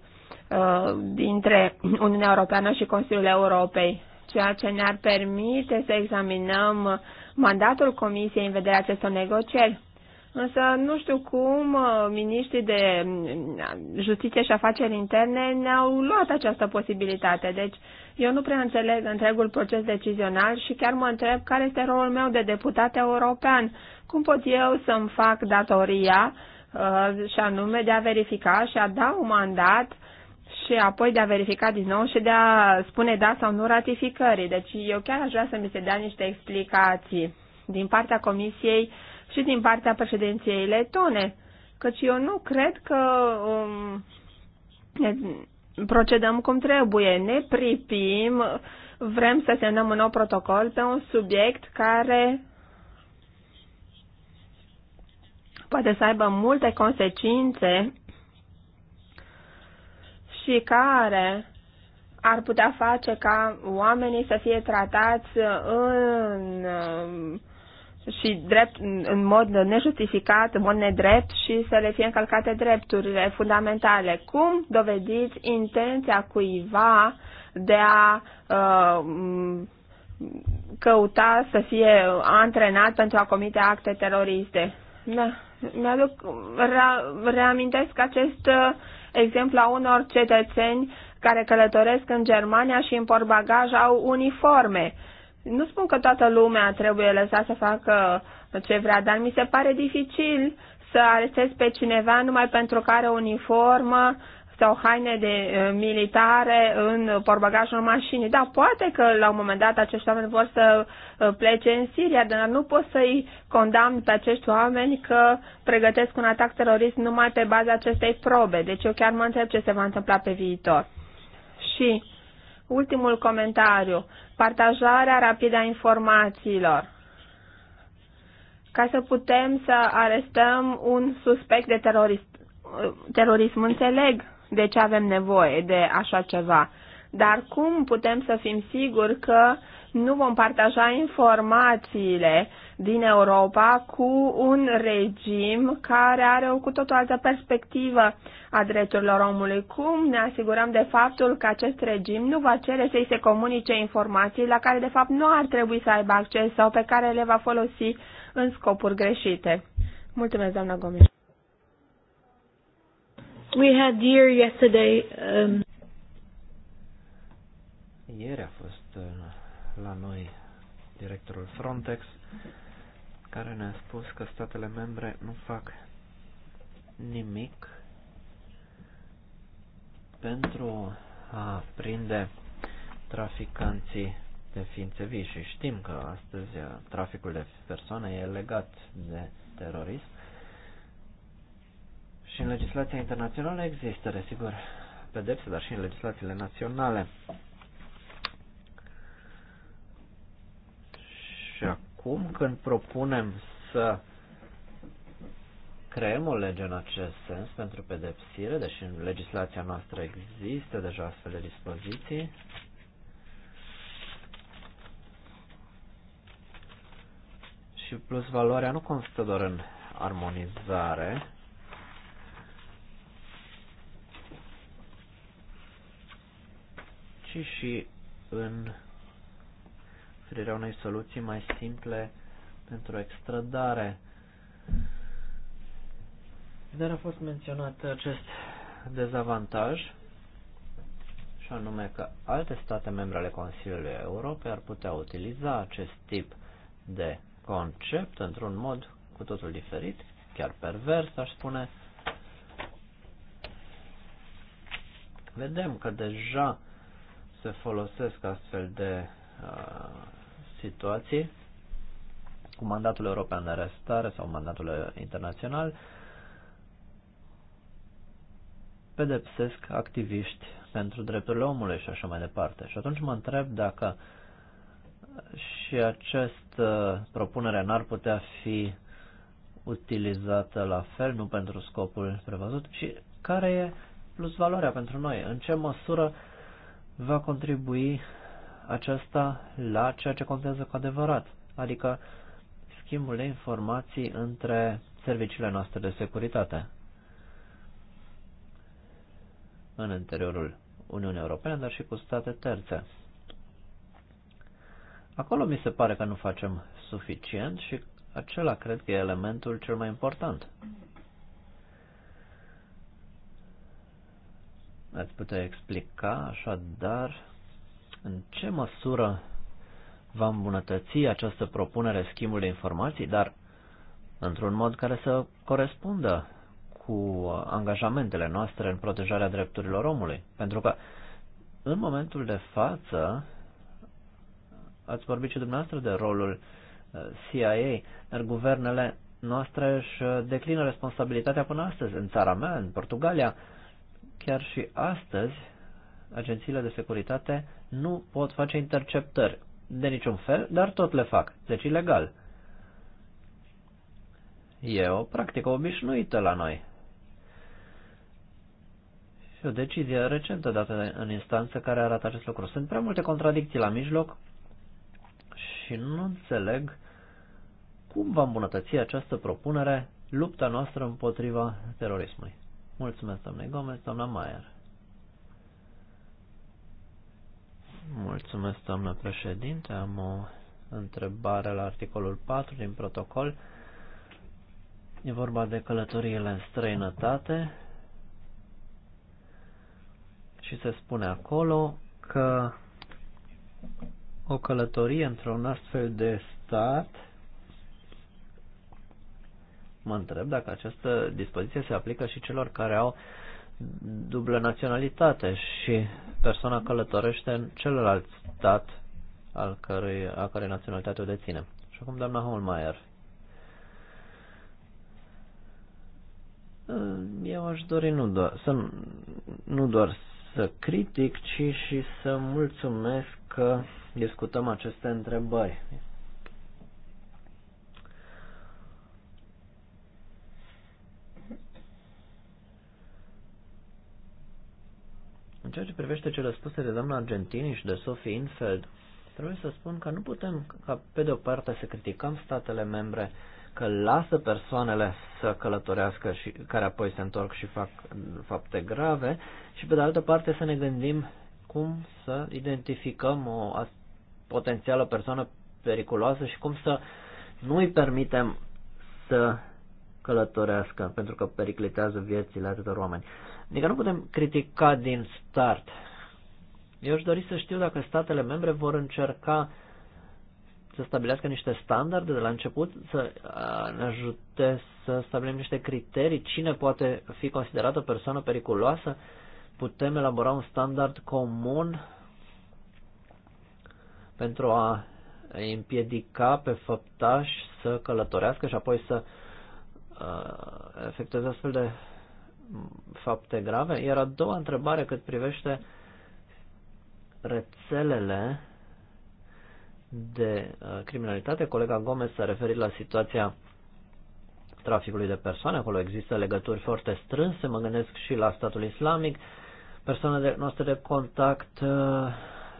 uh, dintre Uniunea Europeană și Consiliul Europei ceea ce ne-ar permite să examinăm mandatul Comisiei în vederea acestor negocieri. Însă nu știu cum uh, miniștrii de uh, justiție și afaceri interne ne-au luat această posibilitate. Deci eu nu prea înțeleg întregul proces decizional și chiar mă întreb care este rolul meu de deputat european. Cum pot eu să-mi fac datoria uh, și anume de a verifica și a da un mandat și apoi de a verifica din nou și de a spune da sau nu ratificării. Deci eu chiar aș vrea să mi se dea niște explicații din partea Comisiei și din partea președinției letone, căci eu nu cred că um, ne procedăm cum trebuie, ne pripim, vrem să semnăm un nou protocol pe un subiect care poate să aibă multe consecințe și care ar putea face ca oamenii să fie tratați în, și drept, în mod nejustificat, în mod nedrept și să le fie încălcate drepturile fundamentale. Cum dovediți intenția cuiva de a uh, căuta să fie antrenat pentru a comite acte teroriste? Da. Mi-aduc, re- reamintesc acest uh, exemplu a unor cetățeni care călătoresc în Germania și în bagaj au uniforme. Nu spun că toată lumea trebuie lăsat să facă ce vrea, dar mi se pare dificil să arestez pe cineva numai pentru că are uniformă sau haine de militare în porbagajul mașinii. Da, poate că la un moment dat acești oameni vor să plece în Siria, dar nu pot să-i condamn pe acești oameni că pregătesc un atac terorist numai pe baza acestei probe. Deci eu chiar mă întreb ce se va întâmpla pe viitor. Și ultimul comentariu, partajarea rapidă a informațiilor ca să putem să arestăm un suspect de terorist, terorism. Înțeleg deci avem nevoie de așa ceva. Dar cum putem să fim siguri că nu vom partaja informațiile din Europa cu un regim care are o cu totul altă perspectivă a drepturilor omului? Cum ne asigurăm de faptul că acest regim nu va cere să-i se comunice informații la care de fapt nu ar trebui să aibă acces sau pe care le va folosi în scopuri greșite? Mulțumesc, doamna Gomes. We had here yesterday. Um... Ieri a fost uh, la noi directorul Frontex care ne-a spus că statele membre nu fac nimic pentru a prinde traficanții de ființe vii și știm că astăzi uh, traficul de persoane e legat de terorism și în legislația internațională există, desigur, pedepse, dar și în legislațiile naționale. Și acum când propunem să creăm o lege în acest sens pentru pedepsire, deși în legislația noastră există deja astfel de dispoziții, și plus valoarea nu constă doar în armonizare, ci și în oferirea unei soluții mai simple pentru extradare. Dar a fost menționat acest dezavantaj și anume că alte state membre ale Consiliului Europei ar putea utiliza acest tip de concept într-un mod cu totul diferit, chiar pervers, aș spune. Vedem că deja se folosesc astfel de uh, situații cu mandatul european de arestare sau mandatul internațional pedepsesc activiști pentru drepturile omului și așa mai departe. Și atunci mă întreb dacă și această uh, propunere n-ar putea fi utilizată la fel, nu pentru scopul prevăzut, ci care e plus valoarea pentru noi, în ce măsură va contribui aceasta la ceea ce contează cu adevărat, adică schimbul de informații între serviciile noastre de securitate în interiorul Uniunii Europene, dar și cu state terțe. Acolo mi se pare că nu facem suficient și acela cred că e elementul cel mai important. Ați putea explica așadar în ce măsură va îmbunătăți această propunere schimbul de informații, dar într-un mod care să corespundă cu angajamentele noastre în protejarea drepturilor omului. Pentru că în momentul de față ați vorbit și dumneavoastră de rolul uh, CIA, dar guvernele noastre își declină responsabilitatea până astăzi în țara mea, în Portugalia, Chiar și astăzi, agențiile de securitate nu pot face interceptări de niciun fel, dar tot le fac, deci ilegal. E o practică obișnuită la noi. Și o decizie recentă dată în instanță care arată acest lucru. Sunt prea multe contradicții la mijloc și nu înțeleg cum va îmbunătăți această propunere lupta noastră împotriva terorismului. Mulțumesc, doamne Gomez, doamna Maier. Mulțumesc, doamnă președinte. Am o întrebare la articolul 4 din protocol. E vorba de călătoriile în străinătate și se spune acolo că o călătorie într-un astfel de stat Mă întreb dacă această dispoziție se aplică și celor care au dublă naționalitate și persoana călătorește în celălalt stat al cărui, a cărei naționalitate o deține. Și acum doamna Holmeier. Eu aș dori nu doar, să, nu doar să critic, ci și să mulțumesc că discutăm aceste întrebări. ceea ce privește cele spuse de doamna Argentini și de Sophie Infeld, trebuie să spun că nu putem, ca pe de o parte, să criticăm statele membre că lasă persoanele să călătorească și care apoi se întorc și fac mm, fapte grave și pe de altă parte să ne gândim cum să identificăm o potențială persoană periculoasă și cum să nu îi permitem să călătorească pentru că periclitează viețile atâtor oameni. Adică nu putem critica din start. Eu aș dori să știu dacă statele membre vor încerca să stabilească niște standarde de la început, să uh, ne ajute să stabilim niște criterii, cine poate fi considerată o persoană periculoasă, putem elabora un standard comun pentru a împiedica pe făptași să călătorească și apoi să uh, efectueze astfel de fapte grave. Iar a doua întrebare cât privește rețelele de uh, criminalitate, colega Gomez s-a referit la situația traficului de persoane, acolo există legături foarte strânse, mă gândesc și la statul islamic, persoanele noastre de contact uh,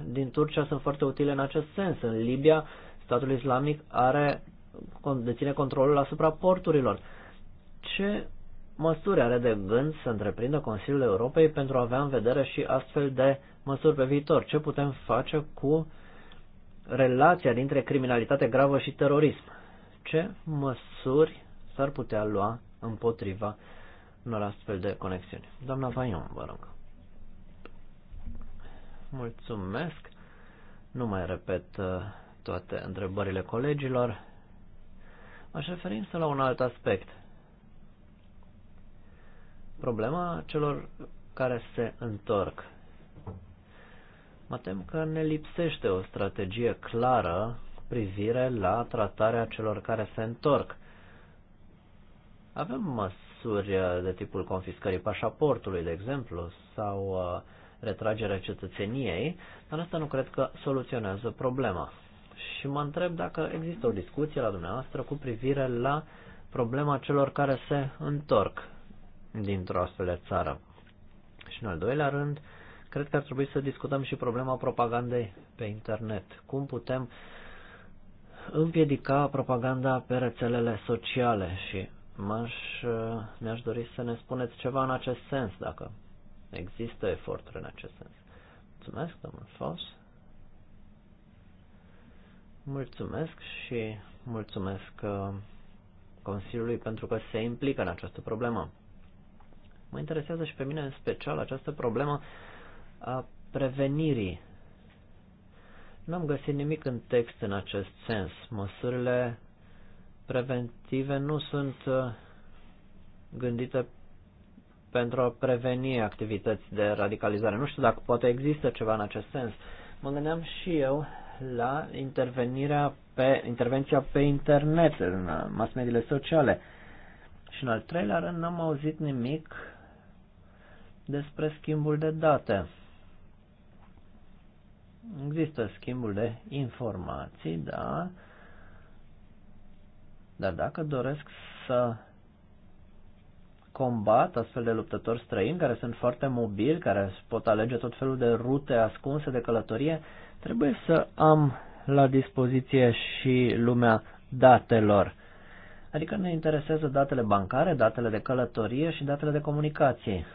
din Turcia sunt foarte utile în acest sens. În Libia, statul islamic are, deține controlul asupra porturilor. Ce măsuri are de gând să întreprindă Consiliul Europei pentru a avea în vedere și astfel de măsuri pe viitor? Ce putem face cu relația dintre criminalitate gravă și terorism? Ce măsuri s-ar putea lua împotriva unor astfel de conexiuni? Doamna Vaion, vă rog. Mulțumesc. Nu mai repet uh, toate întrebările colegilor. Aș referi însă la un alt aspect – problema celor care se întorc. Mă tem că ne lipsește o strategie clară cu privire la tratarea celor care se întorc. Avem măsuri uh, de tipul confiscării pașaportului, de exemplu, sau uh, retragerea cetățeniei, dar asta nu cred că soluționează problema. Și mă întreb dacă există o discuție la dumneavoastră cu privire la problema celor care se întorc dintr-o astfel de țară. Și în al doilea rând, cred că ar trebui să discutăm și problema propagandei pe internet. Cum putem împiedica propaganda pe rețelele sociale și m-aș, mi-aș dori să ne spuneți ceva în acest sens, dacă există eforturi în acest sens. Mulțumesc, domnul Fos. Mulțumesc și mulțumesc uh, Consiliului pentru că se implică în această problemă. Mă interesează și pe mine în special această problemă a prevenirii. Nu am găsit nimic în text în acest sens. Măsurile preventive nu sunt uh, gândite pentru a preveni activități de radicalizare. Nu știu dacă poate există ceva în acest sens. Mă gândeam și eu la intervenirea pe, intervenția pe internet, în uh, mass sociale. Și în al treilea rând n-am auzit nimic despre schimbul de date. Există schimbul de informații, da, dar dacă doresc să combat astfel de luptători străini care sunt foarte mobili, care pot alege tot felul de rute ascunse de călătorie, trebuie să am la dispoziție și lumea datelor. Adică ne interesează datele bancare, datele de călătorie și datele de comunicații.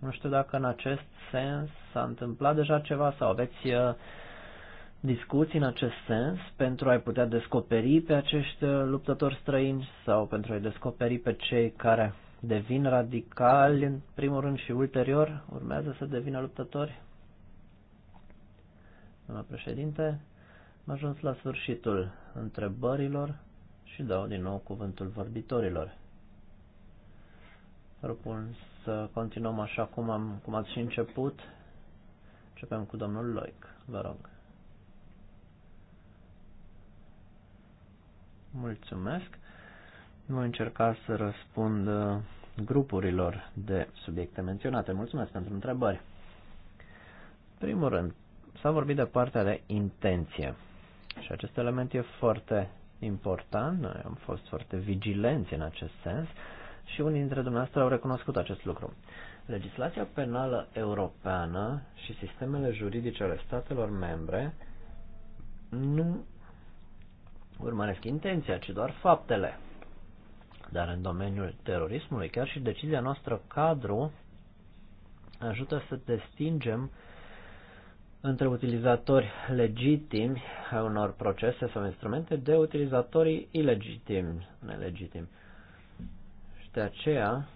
Nu știu dacă în acest sens s-a întâmplat deja ceva sau aveți uh, discuții în acest sens pentru a-i putea descoperi pe acești uh, luptători străini sau pentru a-i descoperi pe cei care devin radicali în primul rând și ulterior urmează să devină luptători? Doamna președinte, am ajuns la sfârșitul întrebărilor și dau din nou cuvântul vorbitorilor. Propun să continuăm așa cum, am, cum ați și început. Începem cu domnul Loic, vă rog. Mulțumesc. Voi încerca să răspund grupurilor de subiecte menționate. Mulțumesc pentru întrebări. Primul rând, s-a vorbit de partea de intenție. Și acest element e foarte important. Noi am fost foarte vigilenți în acest sens. Uh, și unii dintre dumneavoastră au recunoscut acest lucru. Legislația penală europeană și sistemele juridice ale statelor membre nu urmăresc intenția, ci doar faptele. Dar în domeniul terorismului, chiar și decizia noastră cadru ajută să destingem între utilizatori legitimi a unor procese sau instrumente de utilizatorii ilegitimi, nelegitimi. De aceea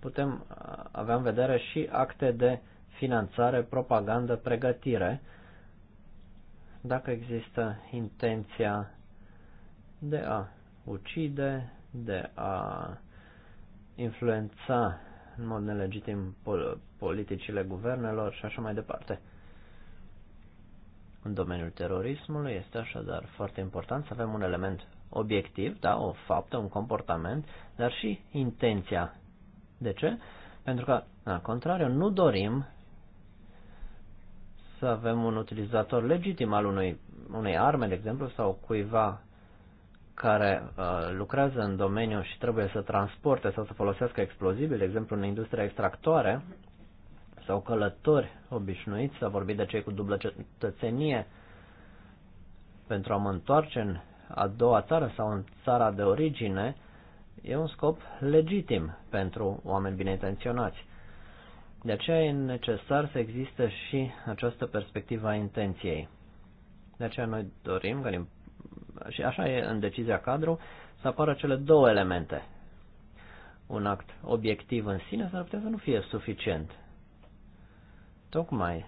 putem uh, avea în vedere și acte de finanțare, propagandă, pregătire, dacă există intenția de a ucide, de a influența în mod nelegitim politicile guvernelor și așa mai departe. În domeniul terorismului este așadar foarte important să avem un element obiectiv, da, o faptă, un comportament, dar și intenția. De ce? Pentru că, la contrariu, nu dorim să avem un utilizator legitim al unui, unei arme, de exemplu, sau cuiva care uh, lucrează în domeniu și trebuie să transporte sau să folosească explozibili, de exemplu, în industria extractoare, sau călători obișnuiți, să vorbi de cei cu dublă cetățenie, pentru a mă întoarce în a doua țară sau în țara de origine, e un scop legitim pentru oameni bine intenționați. De aceea e necesar să existe și această perspectivă a intenției. De aceea noi dorim, că și așa e în decizia cadru, să apară cele două elemente. Un act obiectiv în sine s-ar putea să nu fie suficient. Tocmai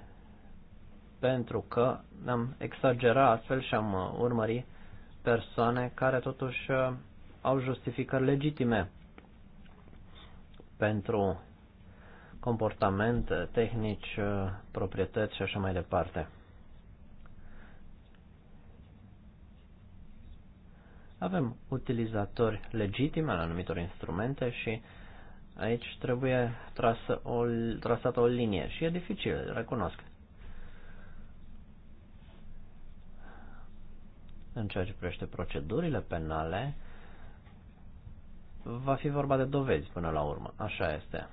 pentru că am exagerat astfel și am uh, urmărit persoane care totuși uh, au justificări legitime pentru comportamente, tehnici, uh, proprietăți și așa mai departe. Avem utilizatori legitimi la anumitor instrumente și aici trebuie trasă o, trasată o linie și e dificil, recunosc. În ceea ce privește procedurile penale, va fi vorba de dovezi până la urmă. Așa este.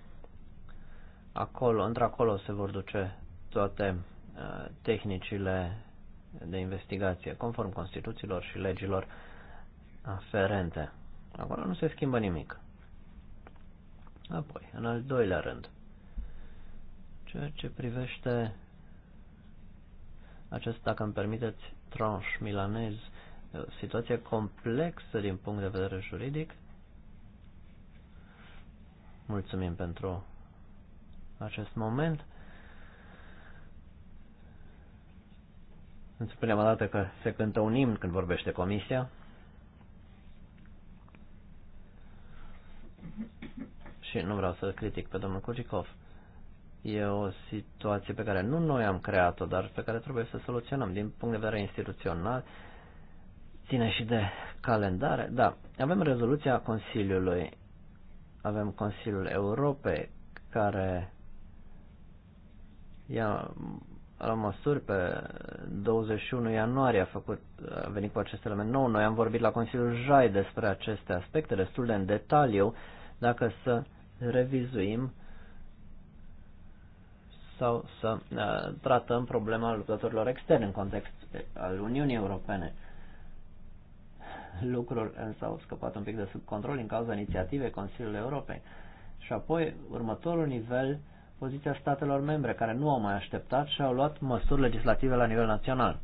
Acolo, într-acolo se vor duce toate uh, tehnicile de investigație, conform Constituțiilor și legilor aferente. Acolo nu se schimbă nimic. Apoi, în al doilea rând, ceea ce privește acest, dacă îmi permiteți, tranche milanez, uh, situație complexă din punct de vedere juridic. Mulțumim pentru acest moment. Îmi spuneam odată că se cântă un imn când vorbește comisia. Și nu vreau să critic pe domnul Kucikov. E o situație pe care nu noi am creat-o, dar pe care trebuie să soluționăm din punct de vedere instituțional. Ține și de calendare. Da, avem rezoluția Consiliului, avem Consiliul Europei care ia la măsuri pe 21 ianuarie a, făcut, a venit cu acest element nou. Noi am vorbit la Consiliul Jai despre aceste aspecte destul de în detaliu, dacă să revizuim sau să uh, tratăm problema luptătorilor externe în context al Uniunii Europene. Lucruri însă uh, au scăpat un pic de sub control din cauza inițiativei Consiliului Europei. Și apoi, următorul nivel, poziția statelor membre, care nu au mai așteptat și au luat măsuri legislative la nivel național.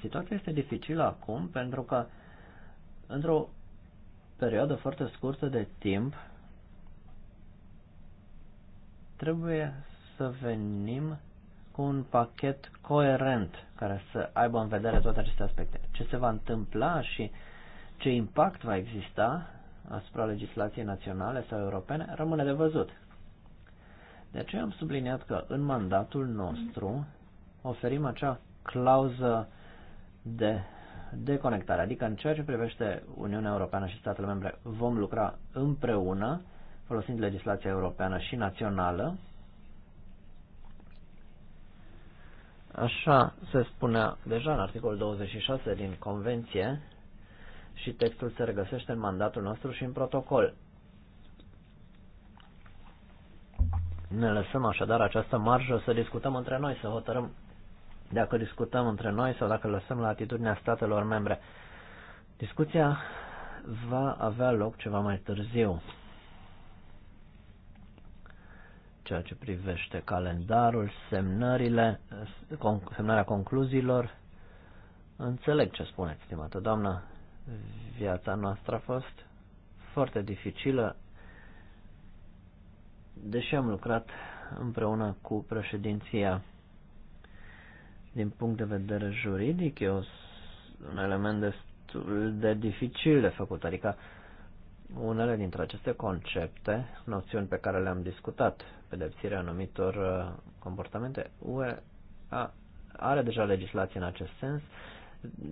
Situația este dificilă acum pentru că într-o perioadă foarte scurtă de timp trebuie să venim cu un pachet coerent care să aibă în vedere toate aceste aspecte. Ce se va întâmpla și ce impact va exista asupra legislației naționale sau europene rămâne de văzut. De aceea am subliniat că în mandatul nostru oferim acea clauză de deconectare, adică în ceea ce privește Uniunea Europeană și statele membre vom lucra împreună folosind legislația europeană și națională Așa se spunea deja în articolul 26 din Convenție și textul se regăsește în mandatul nostru și în protocol. Ne lăsăm așadar această marjă să discutăm între noi, să hotărâm dacă discutăm între noi sau dacă lăsăm la atitudinea statelor membre. Discuția va avea loc ceva mai târziu ceea ce privește calendarul, semnările, semnarea concluziilor. Înțeleg ce spuneți, stimată doamnă. Viața noastră a fost foarte dificilă, deși am lucrat împreună cu președinția. Din punct de vedere juridic, e un element destul de dificil de făcut, adică uh, unele dintre aceste concepte, noțiuni pe care le-am discutat, pedepsirea anumitor uh, comportamente, UE are deja legislație în acest sens,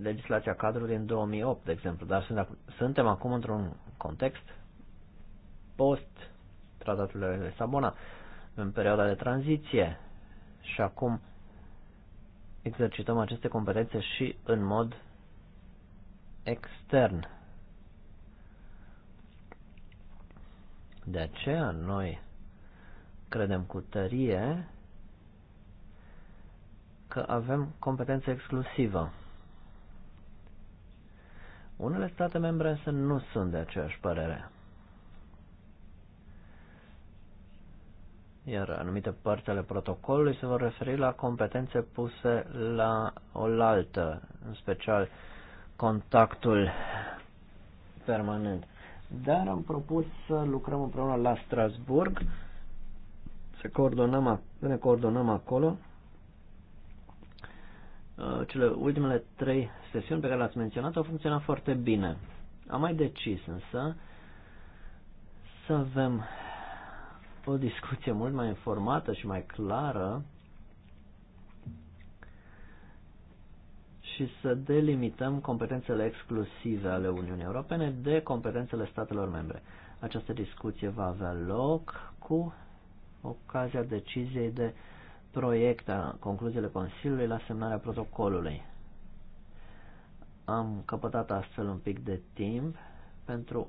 legislația cadru din 2008, de exemplu, dar suntem acum într-un context post tratatul de Sabona, în perioada de tranziție și acum exercităm aceste competențe și în mod extern. De aceea noi credem cu tărie că avem competență exclusivă. Unele state membre însă nu sunt de aceeași părere. Iar anumite părți ale protocolului se vor referi la competențe puse la oaltă, în special contactul permanent dar am propus să lucrăm împreună la Strasburg, să coordonăm, ne coordonăm acolo. Uh, cele ultimele trei sesiuni pe care le-ați menționat au funcționat foarte bine. Am mai decis însă să avem o discuție mult mai informată și mai clară și să delimităm competențele exclusive ale Uniunii Europene de competențele statelor membre. Această discuție va avea loc cu ocazia deciziei de proiect a concluziile Consiliului la semnarea protocolului. Am căpătat astfel un pic de timp pentru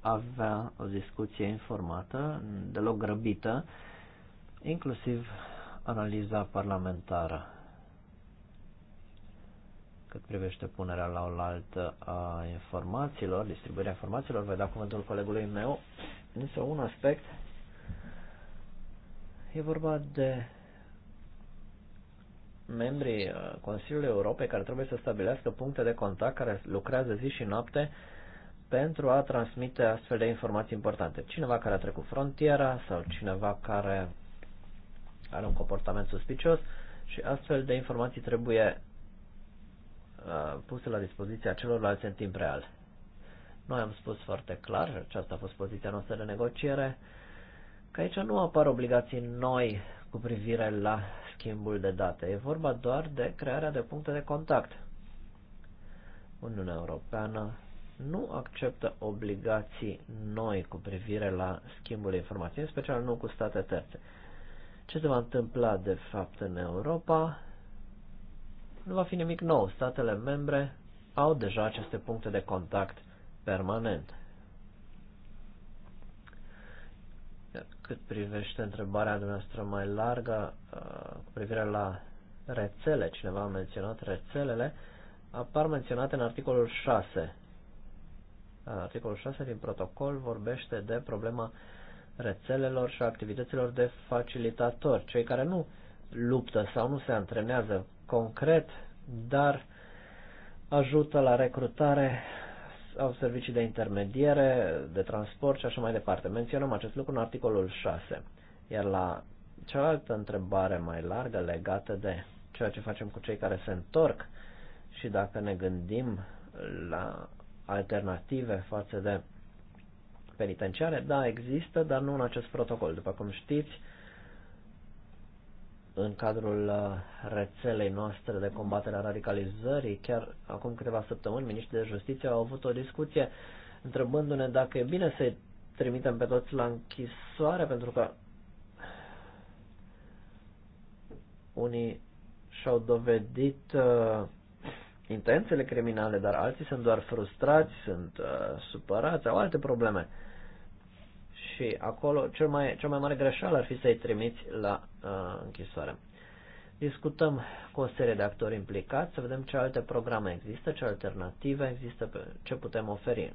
a avea o discuție informată, deloc grăbită, inclusiv analiza parlamentară cât privește punerea la oaltă a informațiilor, distribuirea informațiilor, voi da cuvântul colegului meu, însă un aspect e vorba de membrii uh, Consiliului Europei care trebuie să stabilească puncte de contact care lucrează zi și noapte pentru a transmite astfel de informații importante. Cineva care a trecut frontiera sau cineva care are un comportament suspicios și astfel de informații trebuie Uh, puse la dispoziția celorlalți în timp real. Noi am spus foarte clar, aceasta a fost poziția noastră de negociere, că aici nu apar obligații noi cu privire la schimbul de date. E vorba doar de crearea de puncte de contact. Uniunea Europeană nu acceptă obligații noi cu privire la schimbul de informații, în special nu cu state terțe. Ce se va întâmpla de fapt în Europa? nu va fi nimic nou. Statele membre au deja aceste puncte de contact permanent. Cât privește întrebarea dumneavoastră mai largă uh, cu privire la rețele, cineva a menționat rețelele, apar menționate în articolul 6. Articolul 6 din protocol vorbește de problema rețelelor și activităților de facilitatori, cei care nu luptă sau nu se antrenează concret, dar ajută la recrutare, au servicii de intermediere, de transport și așa mai departe. Menționăm acest lucru în articolul 6. Iar la cealaltă întrebare mai largă legată de ceea ce facem cu cei care se întorc și dacă ne gândim la alternative față de penitenciare, da, există, dar nu în acest protocol. După cum știți, în cadrul uh, rețelei noastre de combatere a radicalizării. Chiar acum câteva săptămâni, miniștrii de justiție au avut o discuție întrebându-ne dacă e bine să-i trimitem pe toți la închisoare, pentru că unii și-au dovedit uh, intențiile criminale, dar alții sunt doar frustrați, sunt uh, supărați, au alte probleme. Uh, și acolo cel mai, cea mai mare greșeală ar fi să-i trimiți la uh, închisoare. Discutăm cu o serie de actori implicați, să vedem ce alte programe există, ce alternative există, ce putem oferi.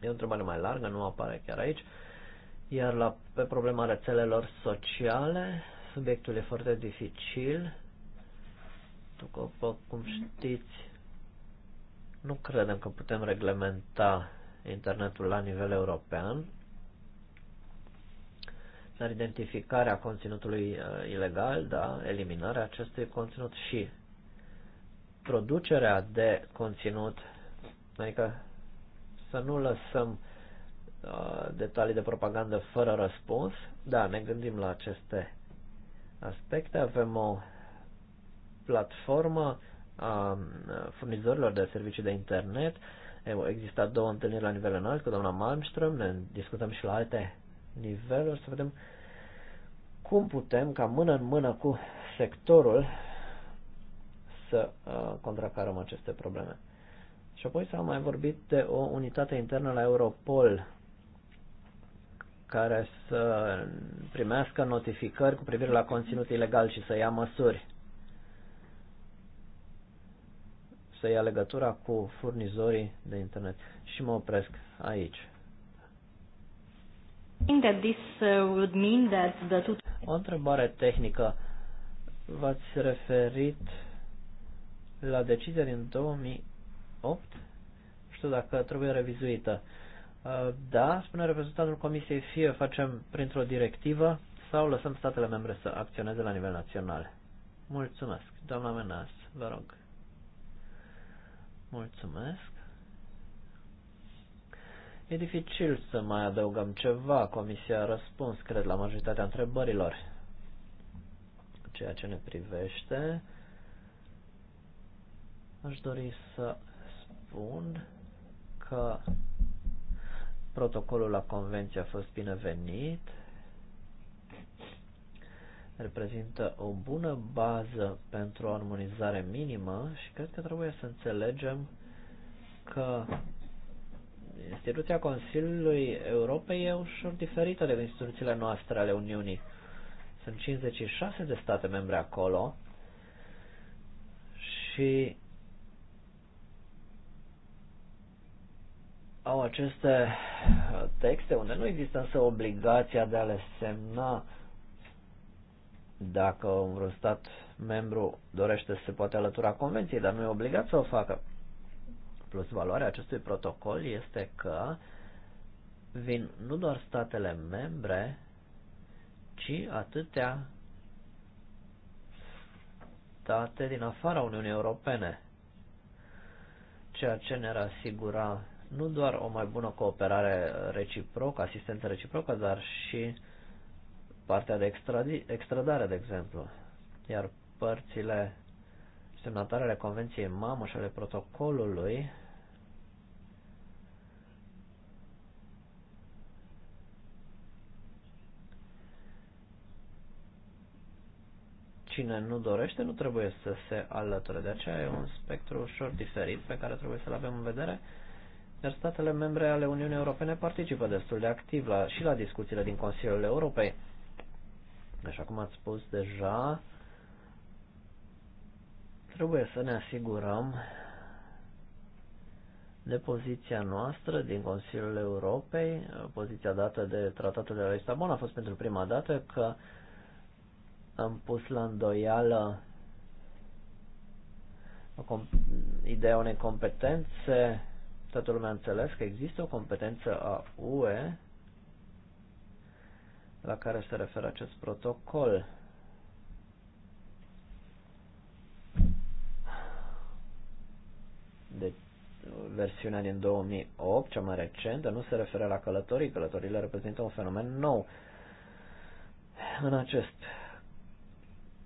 E o întrebare mai largă, nu apare chiar aici. Iar la, pe problema rețelelor sociale, subiectul e foarte dificil. După cum știți, nu credem că putem reglementa internetul la nivel european dar identificarea conținutului uh, ilegal, da, eliminarea acestui conținut și producerea de conținut, adică să nu lăsăm uh, detalii de propagandă fără răspuns, da, ne gândim la aceste aspecte, avem o platformă a uh, furnizorilor de servicii de internet. Există două întâlniri la nivel înalt cu doamna Malmström, ne discutăm și la alte niveluri, să vedem cum putem, ca mână în mână cu sectorul, să uh, contracarăm aceste probleme. Și apoi s-a mai vorbit de o unitate internă la Europol care să primească notificări cu privire la conținut ilegal și să ia măsuri. Să ia legătura cu furnizorii de internet. Și mă opresc aici. Uh, o întrebare tehnică. V-ați referit la decizia din 2008? Știu dacă trebuie revizuită. Uh, da, spune reprezentantul Comisiei, fie facem printr-o directivă sau lăsăm statele membre să acționeze la nivel național. Mulțumesc. Doamna Menas, vă rog. Mulțumesc. E dificil să mai adăugăm ceva. Comisia a răspuns, cred, la majoritatea întrebărilor. Ceea ce ne privește, aș dori să spun că protocolul la convenție a fost binevenit, reprezintă o bună bază pentru o armonizare minimă și cred că trebuie să înțelegem că instituția Consiliului Europei e ușor diferită de instituțiile noastre ale Uniunii. Sunt 56 de state membre acolo și au aceste texte unde nu există însă obligația de a le semna dacă un stat membru dorește să se poate alătura convenției, dar nu e obligat să o facă. Plus valoarea acestui protocol este că vin nu doar statele membre, ci atâtea state din afara Uniunii Europene, ceea ce ne-ar asigura nu doar o mai bună cooperare reciprocă, asistență reciprocă, dar și partea de extradare, de exemplu. Iar părțile ale Convenției Mamă și ale protocolului cine nu dorește nu trebuie să se alăture. De aceea e un spectru ușor diferit pe care trebuie să-l avem în vedere, iar statele membre ale Uniunii Europene participă destul de activ la, și la discuțiile din Consiliul Europei. Așa cum ați spus deja, Trebuie să ne asigurăm de poziția noastră din Consiliul Europei, poziția dată de Tratatul de la Lisabona a fost pentru prima dată că am pus la îndoială ideea unei competențe, toată lumea a înțeles că există o competență a UE la care se referă acest protocol. de uh, versiunea din 2008, cea mai recentă, nu se referă la călătorii. Călătorile reprezintă un fenomen nou. În, acest,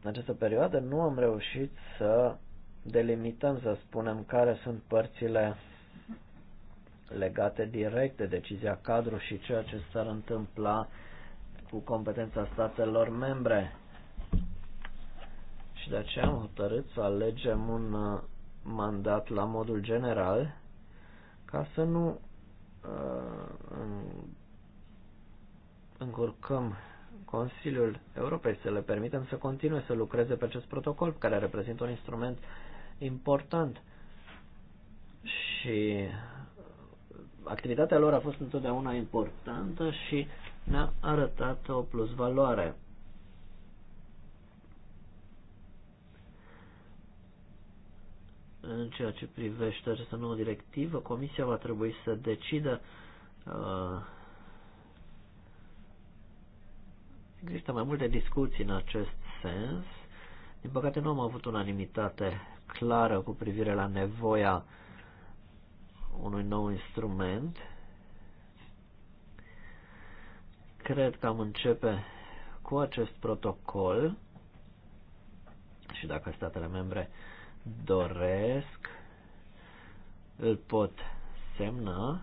în această perioadă nu am reușit să delimităm, să spunem, care sunt părțile legate direct de decizia cadru și ceea ce s-ar întâmpla cu competența statelor membre. Și de aceea am hotărât să alegem un uh, mandat la modul general ca să nu uh, încurcăm Consiliul Europei să le permitem să continue să lucreze pe acest protocol care reprezintă un instrument important și activitatea lor a fost întotdeauna importantă și ne-a arătat o plus valoare. În ceea ce privește această nouă directivă, Comisia va trebui să decidă uh, Există mai multe discuții în acest sens. Din păcate nu am avut unanimitate clară cu privire la nevoia unui nou instrument. Cred că am începe cu acest protocol și dacă statele membre doresc îl pot semna.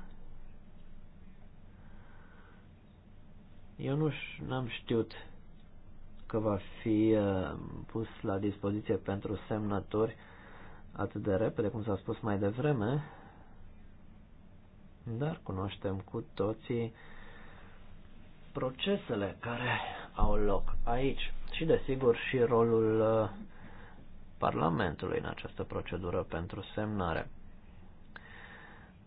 Eu nu am știut că va fi uh, pus la dispoziție pentru semnături atât de repede, cum s-a spus mai devreme, dar cunoaștem cu toții procesele care au loc aici și, desigur, și rolul uh, Parlamentului în această procedură pentru semnare.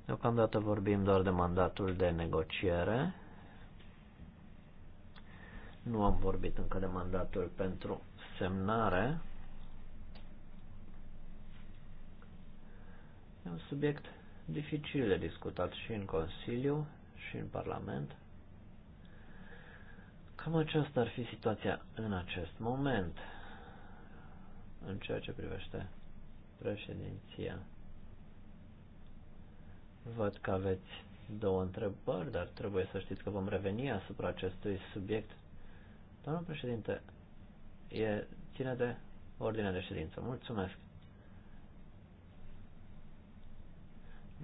Deocamdată vorbim doar de mandatul de negociere. Nu am vorbit încă de mandatul pentru semnare. E un subiect dificil de discutat și în Consiliu și în Parlament. Cam aceasta ar fi situația în acest moment în ceea ce privește președinția. Văd că aveți două întrebări, dar trebuie să știți că vom reveni asupra acestui subiect. Domnul președinte, e, ține de ordinea de ședință. Mulțumesc!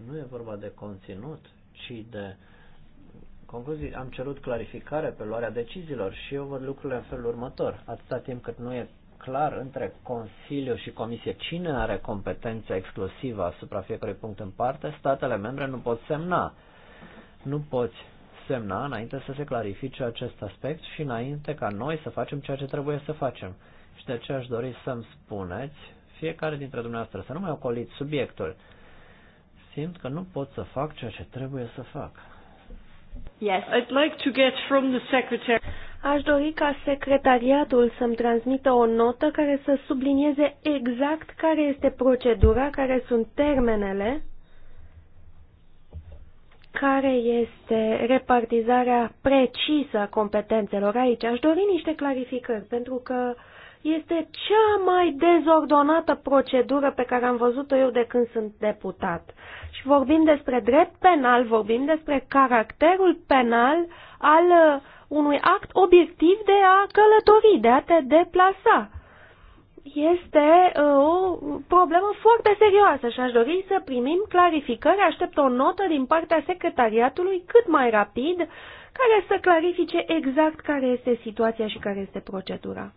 Nu e vorba de conținut, ci de concluzii. Am cerut clarificare pe luarea deciziilor și eu văd lucrurile în felul următor. Atâta timp cât nu e clar între Consiliu și Comisie cine are competența exclusivă asupra fiecărui punct în parte, statele membre nu pot semna. Nu poți semna înainte să se clarifice acest aspect și înainte ca noi să facem ceea ce trebuie să facem. Și de ce aș dori să-mi spuneți, fiecare dintre dumneavoastră, să nu mai ocoliți subiectul. Simt că nu pot să fac ceea ce trebuie să fac. Yes, I'd like to get from the secretary. Aș dori ca secretariatul să-mi transmită o notă care să sublinieze exact care este procedura, care sunt termenele, care este repartizarea precisă a competențelor aici. Aș dori niște clarificări, pentru că este cea mai dezordonată procedură pe care am văzut-o eu de când sunt deputat. Și vorbim despre drept penal, vorbim despre caracterul penal al uh, unui act obiectiv de a călători, de a te deplasa. Este uh, o problemă foarte serioasă și aș dori să primim clarificări. Aștept o notă din partea secretariatului cât mai rapid care să clarifice exact care este situația și care este procedura.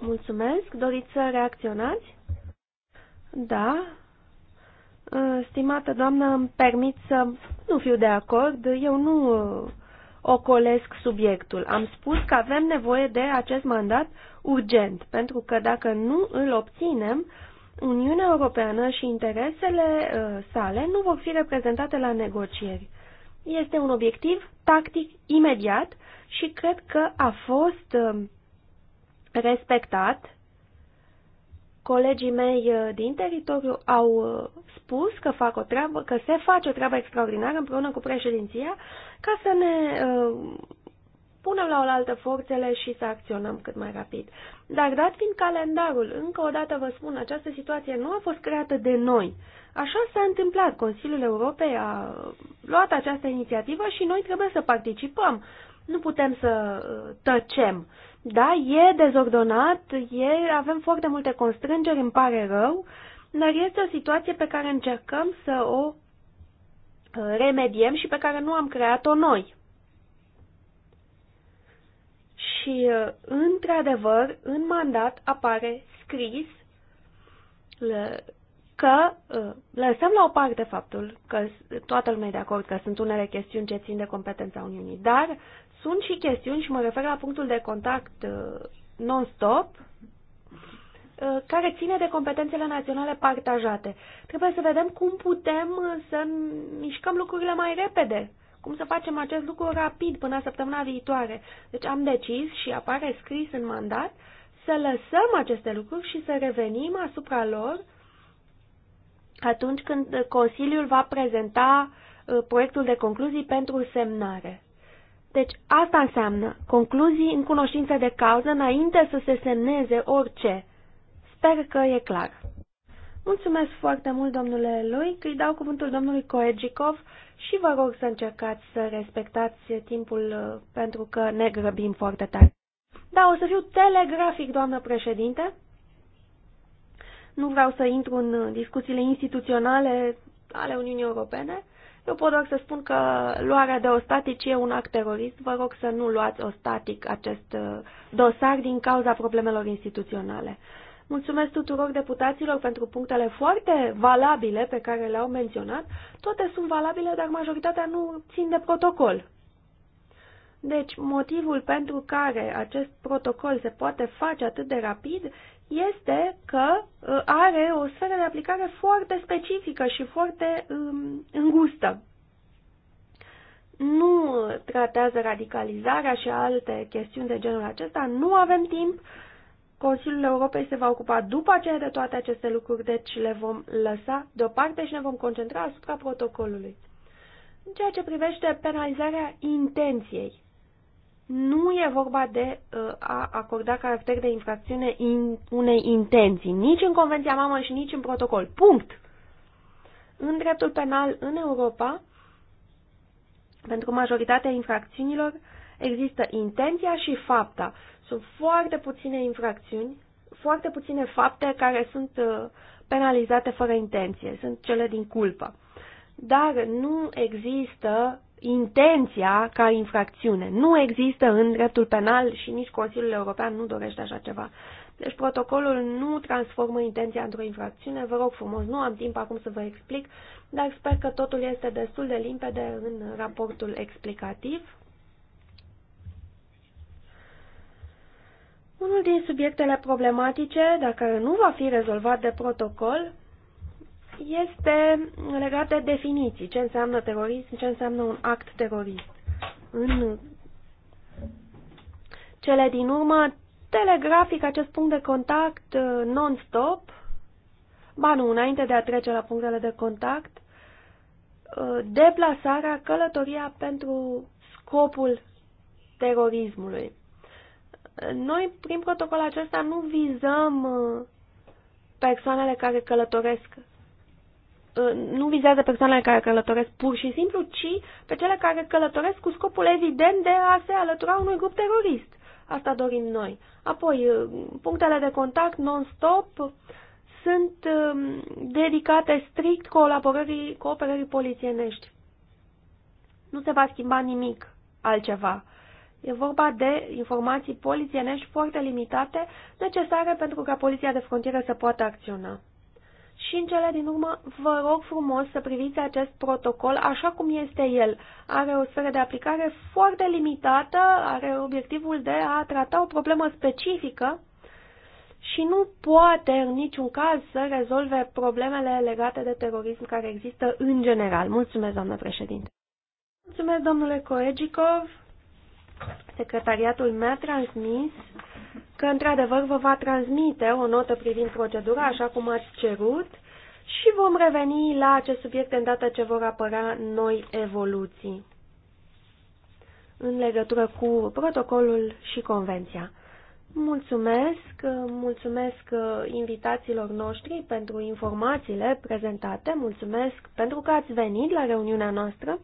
Mulțumesc. Doriți să reacționați? Da. Uh, stimată doamnă, îmi permit să nu fiu de acord. Eu nu uh, ocolesc subiectul. Am spus că avem nevoie de acest mandat urgent, pentru că dacă nu îl obținem, Uniunea Europeană și interesele uh, sale nu vor fi reprezentate la negocieri. Este un obiectiv tactic imediat și cred că a fost uh, respectat Colegii mei uh, din teritoriu au uh, spus că, fac o treabă, că se face o treabă extraordinară împreună cu președinția ca să ne uh, punem la oaltă forțele și să acționăm cât mai rapid. Dar dat fiind calendarul, încă o dată vă spun, această situație nu a fost creată de noi. Așa s-a întâmplat. Consiliul Europei a luat această inițiativă și noi trebuie să participăm. Nu putem să tăcem. Da, e dezordonat, e, avem foarte multe constrângeri, îmi pare rău, dar este o situație pe care încercăm să o uh, remediem și pe care nu am creat-o noi. Și, uh, într-adevăr, în mandat apare scris că uh, lăsăm la o parte faptul că toată lumea e de acord că sunt unele chestiuni ce țin de competența Uniunii, dar sunt și chestiuni, și mă refer la punctul de contact uh, non-stop, uh, care ține de competențele naționale partajate. Trebuie să vedem cum putem uh, să mișcăm lucrurile mai repede, cum să facem acest lucru rapid până săptămâna viitoare. Deci am decis și apare scris în mandat să lăsăm aceste lucruri și să revenim asupra lor atunci când Consiliul va prezenta proiectul de concluzii pentru semnare. Deci asta înseamnă concluzii în cunoștință de cauză înainte să se semneze orice. Sper că e clar. Mulțumesc foarte mult, domnule lui, că îi dau cuvântul domnului Koegikov și vă rog să încercați să respectați timpul uh, pentru că ne grăbim foarte tare. Da, o să fiu telegrafic, doamnă președinte. Nu vreau să intru în uh, discuțiile instituționale ale Uniunii Europene. Eu pot doar să spun că luarea de ostatici e un act terorist. Vă rog să nu luați ostatic acest uh, dosar din cauza problemelor instituționale. Mulțumesc tuturor deputaților pentru punctele foarte valabile pe care le-au menționat. Toate sunt valabile, dar majoritatea nu țin de protocol. Deci, motivul pentru care acest protocol se poate face atât de rapid este că uh, are o sferă de aplicare foarte specifică și foarte um, îngustă. Nu tratează radicalizarea și alte chestiuni de genul acesta, nu avem timp, Consiliul Europei se va ocupa după aceea de toate aceste lucruri, deci le vom lăsa deoparte și ne vom concentra asupra protocolului. În ceea ce privește penalizarea intenției, nu e vorba de uh, a acorda caracter de infracțiune in, unei intenții, nici în Convenția Mamă și nici în protocol. Punct! În dreptul penal în Europa, pentru majoritatea infracțiunilor, există intenția și fapta. Sunt foarte puține infracțiuni, foarte puține fapte care sunt uh, penalizate fără intenție, sunt cele din culpă. Dar nu există intenția ca infracțiune. Nu există în dreptul penal și nici Consiliul European nu dorește așa ceva. Deci protocolul nu transformă intenția într-o infracțiune. Vă rog frumos, nu am timp acum să vă explic, dar sper că totul este destul de limpede în raportul explicativ. Unul din subiectele problematice, dacă nu va fi rezolvat de protocol, este legat de definiții. Ce înseamnă terorism, ce înseamnă un act terorist. În cele din urmă, telegrafic acest punct de contact uh, non-stop, ba nu, înainte de a trece la punctele de contact, uh, deplasarea, călătoria pentru scopul terorismului. Noi, prin protocolul acesta, nu vizăm uh, persoanele care călătoresc Uh, nu vizează persoanele care călătoresc pur și simplu, ci pe cele care călătoresc cu scopul evident de a se alătura unui grup terorist. Asta dorim noi. Apoi, uh, punctele de contact non-stop sunt um, dedicate strict colaborării, cooperării polițienești. Nu se va schimba nimic altceva. E vorba de informații polițienești foarte limitate, necesare pentru ca poliția de frontieră să poată acționa și în cele din urmă vă rog frumos să priviți acest protocol așa cum este el. Are o sferă de aplicare foarte limitată, are obiectivul de a trata o problemă specifică și nu poate în niciun caz să rezolve problemele legate de terorism care există în general. Mulțumesc, doamnă președinte. Mulțumesc, domnule Coegicov. Secretariatul mi-a transmis că într-adevăr vă va transmite o notă privind procedura, așa cum ați cerut, și vom reveni la acest subiect îndată ce vor apărea noi evoluții în legătură cu protocolul și convenția. Mulțumesc, mulțumesc invitațiilor noștri pentru informațiile prezentate, mulțumesc pentru că ați venit la reuniunea noastră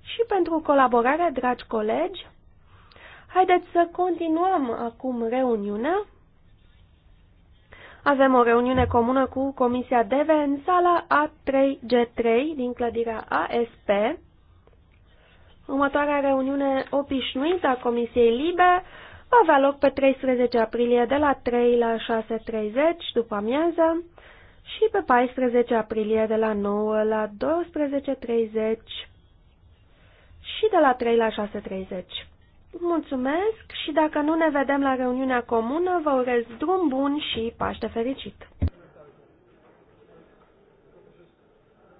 și pentru colaborare, dragi colegi. Haideți să continuăm acum reuniunea. Avem o reuniune comună cu Comisia DV în sala A3G3 din clădirea ASP. Următoarea reuniune obișnuită a Comisiei LIBE va avea loc pe 13 aprilie de la 3 la 6.30 după amiază și pe 14 aprilie de la 9 la 12.30 și de la 3 la 6.30. Mulțumesc și dacă nu ne vedem la reuniunea comună, vă urez drum bun și Paște fericit!